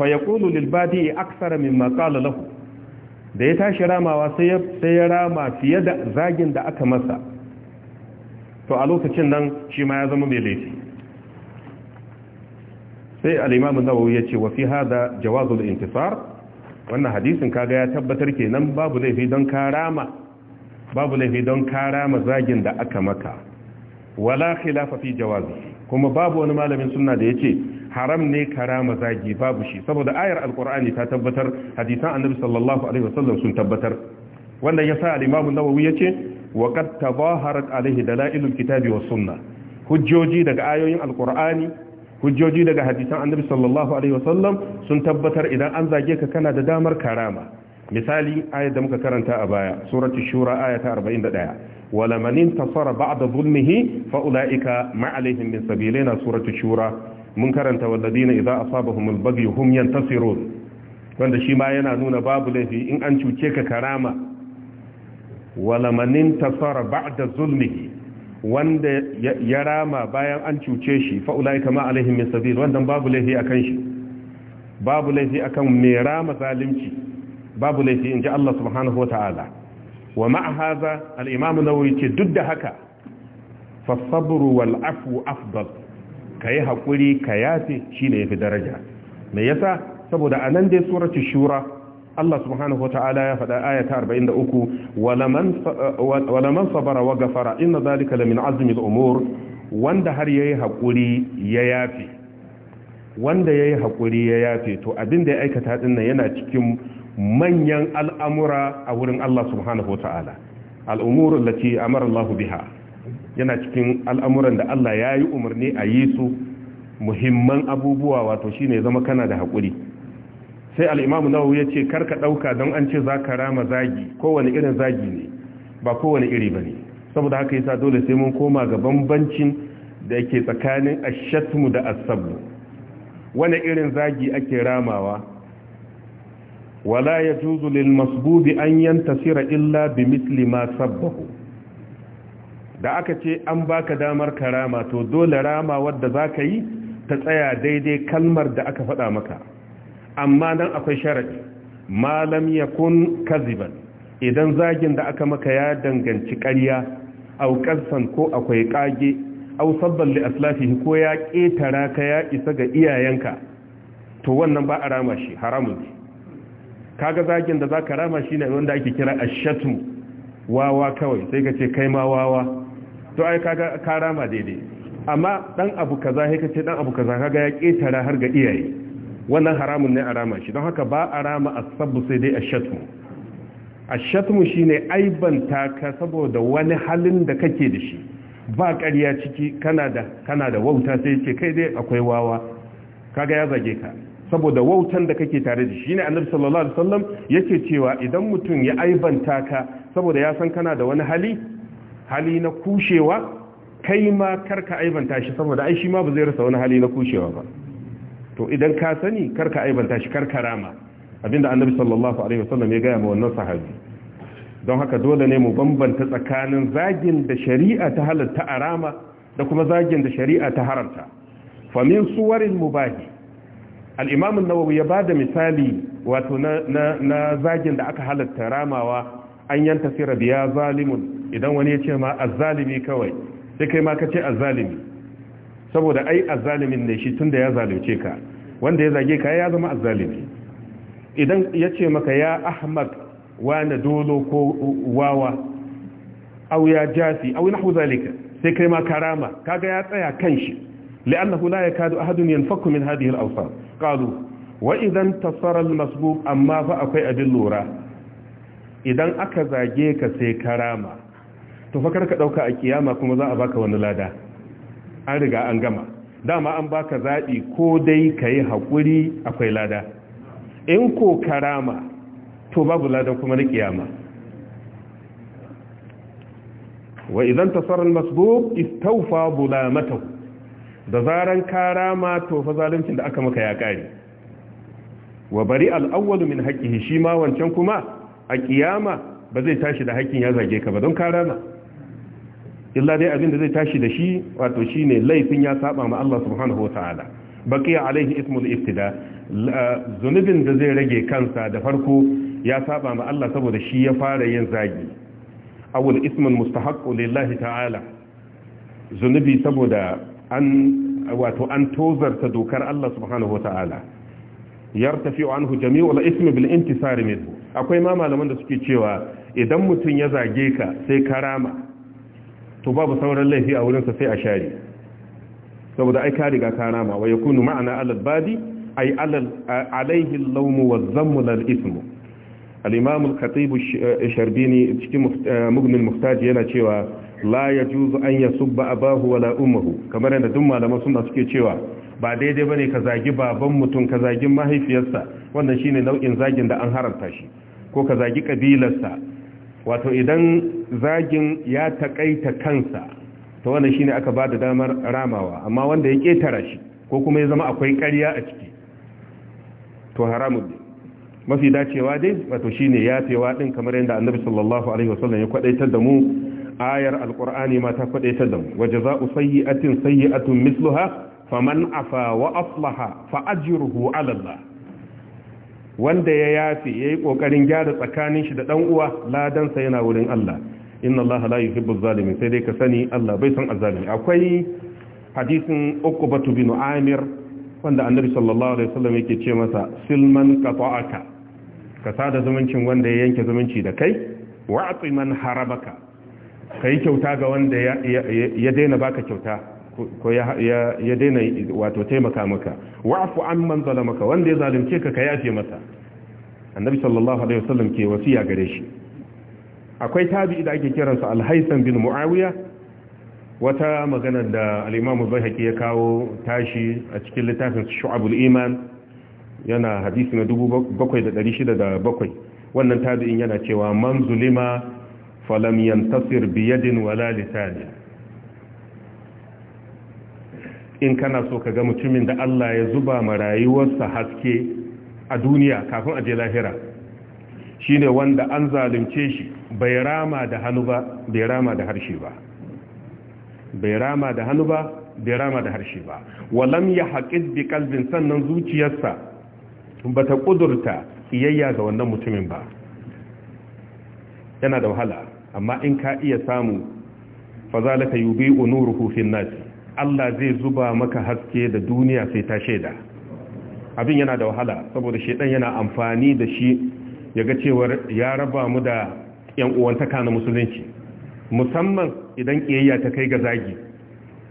fa yaqulu lil badi'i aksara min qala da ya tashi ramawa sai ya rama fiye da zagin da aka masa to a lokacin nan shi ma ya zama mai laifi sai al'imamun nawawi ya ce wafi hada jawazul intisar wannan hadisin kaga ya tabbatar kenan babu laifi don rama babu laifi don karama zagin da aka maka wala khilafa fi jawazi kuma babu wani malamin sunna da ya ce. haram ne karama zagi babu shi saboda ayar alkur'ani ta tabbatar hadisan annabi sallallahu alaihi wasallam sun tabbatar wanda yasa al-imam an-nawawi yace wa qad tabaharat alaihi dalailul kitabi was sunnah hujjoji daga ayoyin alkur'ani hujjoji daga hadisan annabi sallallahu alaihi wasallam sun tabbatar idan an zage ka kana da damar karama misali ayar da muka karanta a baya suratul shura aya ta 41 wala man intasara ba'da zulmihi fa ulaika ma alaihim min sabilina suratul shura mun karanta walladina idza asabahum albaghy hum yantasirun wanda shi ma yana nuna babu laifi in an cuce ka karama wala manin tasara ba'da zulmihi wanda ya rama bayan an cuce shi fa ulaika ma alaihim min sabil wanda babu laifi akan shi babu laifi akan mai rama zalunci babu laifi inji Allah subhanahu wataala wa ma'a hadha al-imam nawawi ce duk da haka fa sabru wal afu afdal ka yi haƙuri ka yafe shi ne ya fi daraja me yasa saboda a nan dai suratul shura Allah subhanahu wa ta'ala ya faɗa ayata 43 wala man sabara wa gafara inna zalika lamin azmi al-umur wanda har yayi haƙuri ya yafe wanda yayi haƙuri ya yafe to abin da ya aikata din nan yana cikin manyan al'amura a wurin Allah subhanahu wa ta'ala al-umur allati amara Allah biha yana cikin al'amuran da Allah ya yi umarni a yi su muhimman abubuwa wato shi ne zama kana da haƙuri sai al'imamu nawo ya ce karka ɗauka don an ce za ka rama zagi kowane irin zagi ne ba kowane iri ba ne saboda haka yasa dole sai mun koma ga bambancin da yake tsakanin ashatmu da asabu wani irin zagi ake ramawa wala ya juzu masbubi an yantasira illa bi misli ma sabbahu da aka ce an baka damar karama to dole rama wadda za ka yi ta tsaya daidai kalmar da aka faɗa maka amma nan akwai sharaɗi malam ya kun kaziban idan zagin da aka maka ya danganci ƙarya au ko akwai ƙage au sabban li aslafihi ko ya ƙetara ka ya isa ga iyayenka to wannan ba a rama shi haramun ne kaga zagin da za ka rama shi ne wanda ake kira ashatmu wawa kawai sai ka ce kai ma wawa to ai kaga karama daidai amma dan abu kaza sai kace dan abu kaza kaga ya ketara har ga iyaye wannan haramun ne a rama shi don haka ba a rama sabu sai dai ashatmu ashatmu shine aibanta ka saboda wani halin da kake da shi ba ƙarya ciki kana da kana da wauta sai yace kai dai akwai wawa kaga ya zage ka saboda wautan da kake tare da shi ne annabi sallallahu alaihi wasallam yake cewa idan mutum ya aibanta ka saboda ya san kana da wani hali hali na kushewa kai ma karka aibanta shi saboda ai shi ma ba zai rasa wani hali na kushewa ba to idan ka sani karka aibanta shi karka rama abinda annabi sallallahu alaihi wasallam ya gaya ma wannan sahabi don haka dole ne mu bambanta tsakanin zagin da shari'a ta halatta a rama da kuma zagin da shari'a ta haramta fa min suwarin mubahi al-imam an-nawawi ya bada misali wato na na zagin da aka halatta ramawa an yanta sira ya zalimun idan wani ya ce ma azzalimi kawai sai kai ma ka ce azzalimi saboda ai azzalimin ne shi tunda ya zalunce ka wanda ya zage ka ya zama azzalimi idan ya ce maka ya ahmad wani dolo ko wawa au ya jafi au nahu zalika sai kai ma karama kaga ya tsaya kan shi li'annahu la yakadu ahadun yanfaku min hadhihi al-awsaf qalu wa idan tasara al-masbub amma fa akwai abin lura idan aka zage ka sai karama to fa karka dauka a kiyama kuma za a baka wani lada an riga an gama dama an baka zabi ko dai ka hakuri haƙuri akwai lada in ko karama to babu lada kuma na kiyama wa idan tasarar masbub istawfa bulamatu da zaran karama to fa zaluncin da aka maka ya kare wa bari al al-awwal min haqqihi shi ma wancan kuma a kiyama ba zai tashi da haƙƙin ya zage ka ba don karama illa dai abin da zai tashi da shi wato shi ne laifin ya saba ma Allah subhanahu ta'ala baqiya alaihi ismul iftida uh, zunubin da zai rage kansa da farko ya saba ma Allah saboda shi ya fara yin zagi awul ismul mustahaqqu lillahi ta'ala zunubi saboda an wato an tozarta dokar Allah subhanahu wataala yartafi'u anhu jami'ul ismi bil intisari minhu akwai ma malaman da suke cewa idan mutun ya zage ka sai karama to babu sauran laifi a wurinsa sai a share saboda ai ka riga ka rama wa yakunu ma'ana alal badi ay alal alayhi al-lawmu waz-zammu lil-ismu al-imam al-khatib al sharbini cikin eh, mughnil muhtaj yana cewa la yajuzu an yasubba abahu wala ummuhu kamar yadda duk malaman sunna suke cewa ba daidai bane ka zagi baban mutum ka zagi mahaifiyarsa wannan shine nau'in zagin da an haramta shi ko ka zagi kabilarsa wato idan zagin ya taƙaita kansa ta wannan shine aka ba da damar ramawa amma wanda ya ƙetara shi ko kuma ya zama akwai ƙarya a ciki to haramun ne mafi dacewa dai wato shine yafewa din kamar yadda annabi sallallahu alaihi wasallam ya kwadaitar da mu ayar alƙur'ani ma ta kwaɗaitar da mu wajaza'u sayyi'atin sayyi'atun misluha faman afa wa aflaha, fa ajruhu 'ala Allah wanda ya yafi yayi kokarin gyara tsakanin shi da dan uwa ladan sa yana wurin Allah inna Allah la yuhibbu zalimi sai dai ka sani Allah bai san azalimi akwai hadisin Uqbah bin Amir wanda Annabi sallallahu alaihi wasallam yake ce masa silman qata'aka ka sada zumuncin wanda ya yanke zumunci da kai wa'ti man harabaka kai kyauta ga wanda ya daina baka kyauta ko ya daina wato taimaka maka wa'fu zalamaka wanda ya zalunce ka ka yafe masa annabi sallallahu alaihi wasallam ke wasiya gare shi akwai tabi'i da ake kiransa al-haytham bin muawiya wata magana da al-imam bayhaqi ya kawo tashi a cikin littafin shu'abul iman yana hadisi na 7607 wannan tabi'in yana cewa man zulima falam yantasir bi yadin wala lisanin in kana so ka ga mutumin da Allah ya zuba ma rayuwarsa haske a duniya kafin a je lahira shine wanda an zalunce shi bai rama da hannu ba bai rama da harshe ba bai rama da hannu ba bai rama da harshe ba walam ya haƙi bi kalbin sannan zuciyarsa ba ta ƙudurta iyayya ga wannan mutumin ba yana da wahala amma in ka iya samu fa fazalaka yubi nuruhu fi nasi Allah zai zuba maka haske da duniya sai ta shaida abin yana da wahala saboda shedan yana amfani da shi ya ga cewar ya raba mu da yan uwantaka na musulunci musamman idan kiyayya ta kai ga zagi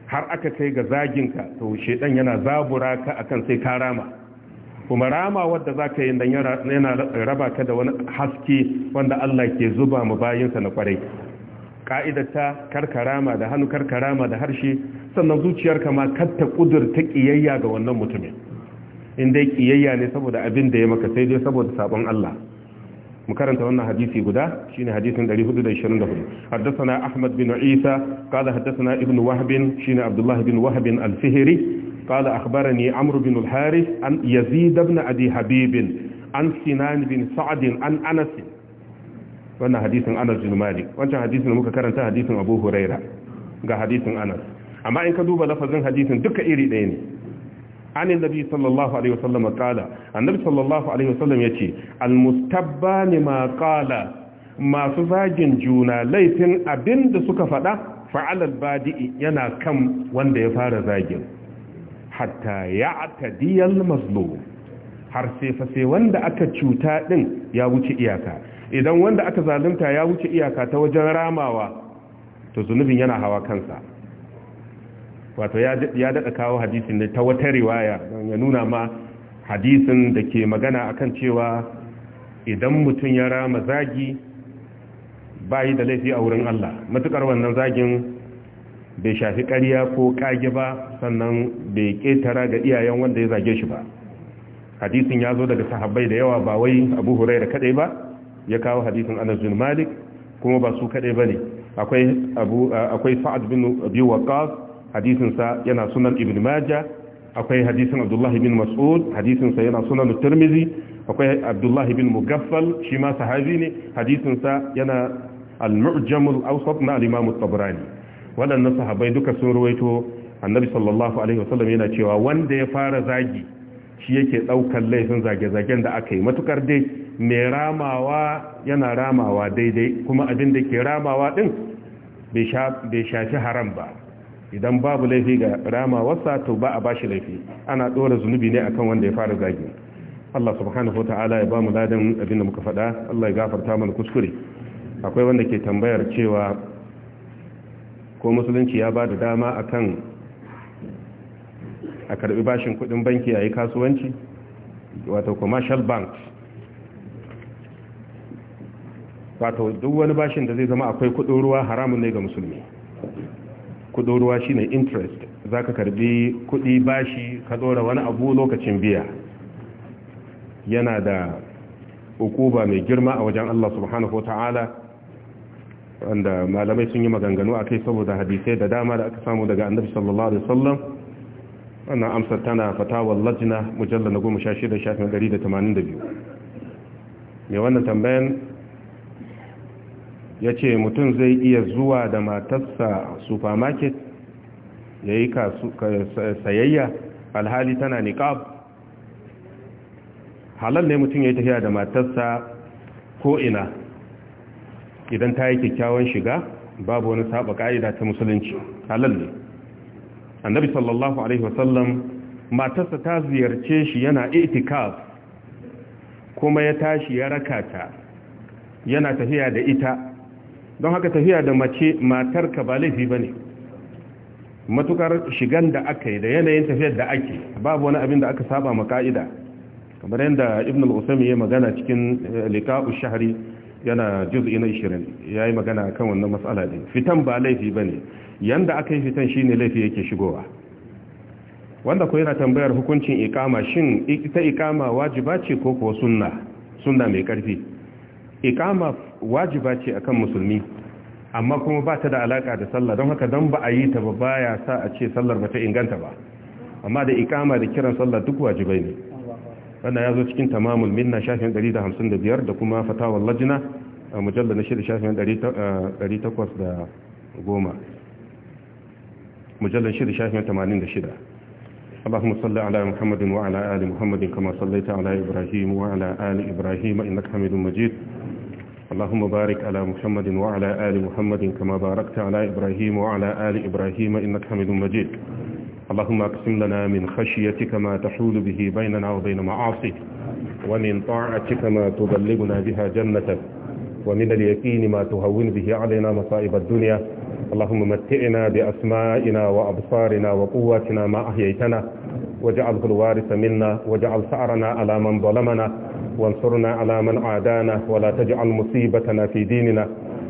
har aka kai ga zagin ka to shedan yana zabura ka akan sai ka rama kuma rama wadda za yi dan yana raba ka da wani haske wanda Allah ke zuba mu bayinsa na kwarai ka'idata karkarama da hannu karkarama da harshe sannan zuciyarka ma katta ta kiyayya ga wannan mutumin in dai kiyayya ne saboda abin da ya maka sai dai saboda sabon Allah mu karanta wannan hadisi guda shine hadisin 424 haddathana Ahmad bin Isa qala haddathana Ibn Wahb shine Abdullah bin Wahb al-Fihri akhbarani Amr bin al-Harith an Yazid ibn Abi Habib an Sinan bin Sa'd an Anas wannan hadisin anas bin malik wancan hadisin muka karanta hadisin abu huraira ga hadisin anas amma in ka duba lafazin hadisin duka iri ɗaya ne an nabi sallallahu alaihi wasallam qala annabi sallallahu alaihi wasallam yace almustabbani ma qala masu zagin juna laifin abinda suka faɗa fa'alal badi'i yana kan wanda ya fara zagin hatta ya'tadiyal mazlum har sai fa sai wanda aka cuta din ya wuce iyaka idan wanda aka zalunta ya wuce iyaka ta wajen ramawa to zunubin yana hawa kansa wato ya daɗa kawo hadisin ne ta wata riwaya don ya nuna ma hadisin da ke magana akan cewa idan mutum ya rama zagi bayi da laifi a wurin Allah matukar wannan zagin bai shafi ƙarya ko ƙage ba sannan bai ƙetara ga iyayen wanda ya zage shi ba hadisin ya zo daga sahabbai da yawa ba wai abu hurai da kadai ba ya kawo hadisin Anas bin Malik kuma ba su kadai bane akwai Abu akwai Sa'ad bin Abi Waqqas sa yana sunan Ibn Majah akwai hadisin Abdullahi bin Mas'ud hadisin sa yana sunan Tirmidhi akwai Abdullahi bin Mugaffal shi ma sahabi ne hadisin sa yana al-Mu'jam al-Awsat na al-Imam at-Tabrani wadannan sahabbai duka sun ruwaito annabi sallallahu alaihi wasallam yana cewa wanda ya fara zagi shi yake ɗaukar laifin zage-zagen da aka yi matukar dai mai ramawa yana ramawa daidai kuma abin da ke ramawa din bai shafi haram ba idan babu laifi ga ramawarsa to ba a bashi laifi ana ɗora zunubi ne akan wanda ya fara zage. Allah subhanahu wa ta'ala ya ba mu ladan abin da muka faɗa Allah ya gafarta mana kuskure akwai wanda ke tambayar cewa ko musulunci ya ba da dama akan a karbi bashin kudin banki a yi kasuwanci wato commercial bank wato duk wani bashin da zai zama akwai kudin ruwa haramun ne ga musulmi kudin ruwa shine interest za ka karbi kudi bashi ka dora wani abu lokacin biya yana da hukuba mai girma a wajen Allah subhanahu ta'ala wanda malamai sun yi maganganu a kai saboda hadisai da dama da aka samu daga annabi sallallahu alaihi wasallam wannan amsar tana fatawar lajina mujallar na goma sha shida shafin gari da tamanin da biyu mai wannan tambayan ya ce mutum zai iya zuwa da matarsa supermarket ya yi sayayya alhali tana niqab halal ne mutum ya yi tafiya da matarsa ko ina idan ta yi kyakkyawan shiga babu wani saba ka'ida ta musulunci halal ne annabi sallallahu alaihi wasallam matarsa ta ziyarce shi yana itikaf kuma ya tashi ya rakata yana tafiya da ita don haka tafiya da mace matarka ba laifi ba ne matukar shigan da aka yi da yanayin tafiyar da ake babu wani abin da aka saba ma ka'ida kamar yadda ibn al-usami ya magana cikin eh, liqa'u shahri yana juz'i na 20 yayi magana kan wannan mas'ala din fitan ba laifi ne yanda aka yi fitan shine laifi yake shigowa wanda ko yana tambayar hukuncin ikama shin ita ikama wajiba ce ko ko sunna sunna mai karfi ikama wajiba ce akan musulmi amma kuma ba ta da alaka da sallah don haka dan ba a yi ta ba baya sa a ce sallar ba ta inganta ba amma da ikama da kiran sallah duk wajibai ne wannan ya zo cikin tamamul minna shafin 155 da kuma fatawar lajina a mujalla na shida shafin 810 mujallar shida shafin 86 Allahumma salli ala Muhammadin wa ala ali Muhammadin kama sallaita ala Ibrahim wa ala ali Ibrahim innaka Hamidum Majid Allahumma barik ala Muhammadin wa ala ali Muhammadin kama barakta ala Ibrahim wa ala ali Ibrahim innaka Hamidum Majid اللهم اقسم لنا من خشيتك ما تحول به بيننا وبين معاصيك ومن طاعتك ما تبلغنا بها جنتك ومن اليقين ما تهون به علينا مصائب الدنيا اللهم متئنا بأسمائنا وأبصارنا وقواتنا ما أحييتنا واجعله الوارث منا واجعل ثأرنا على من ظلمنا وانصرنا على من عادانا ولا تجعل مصيبتنا في ديننا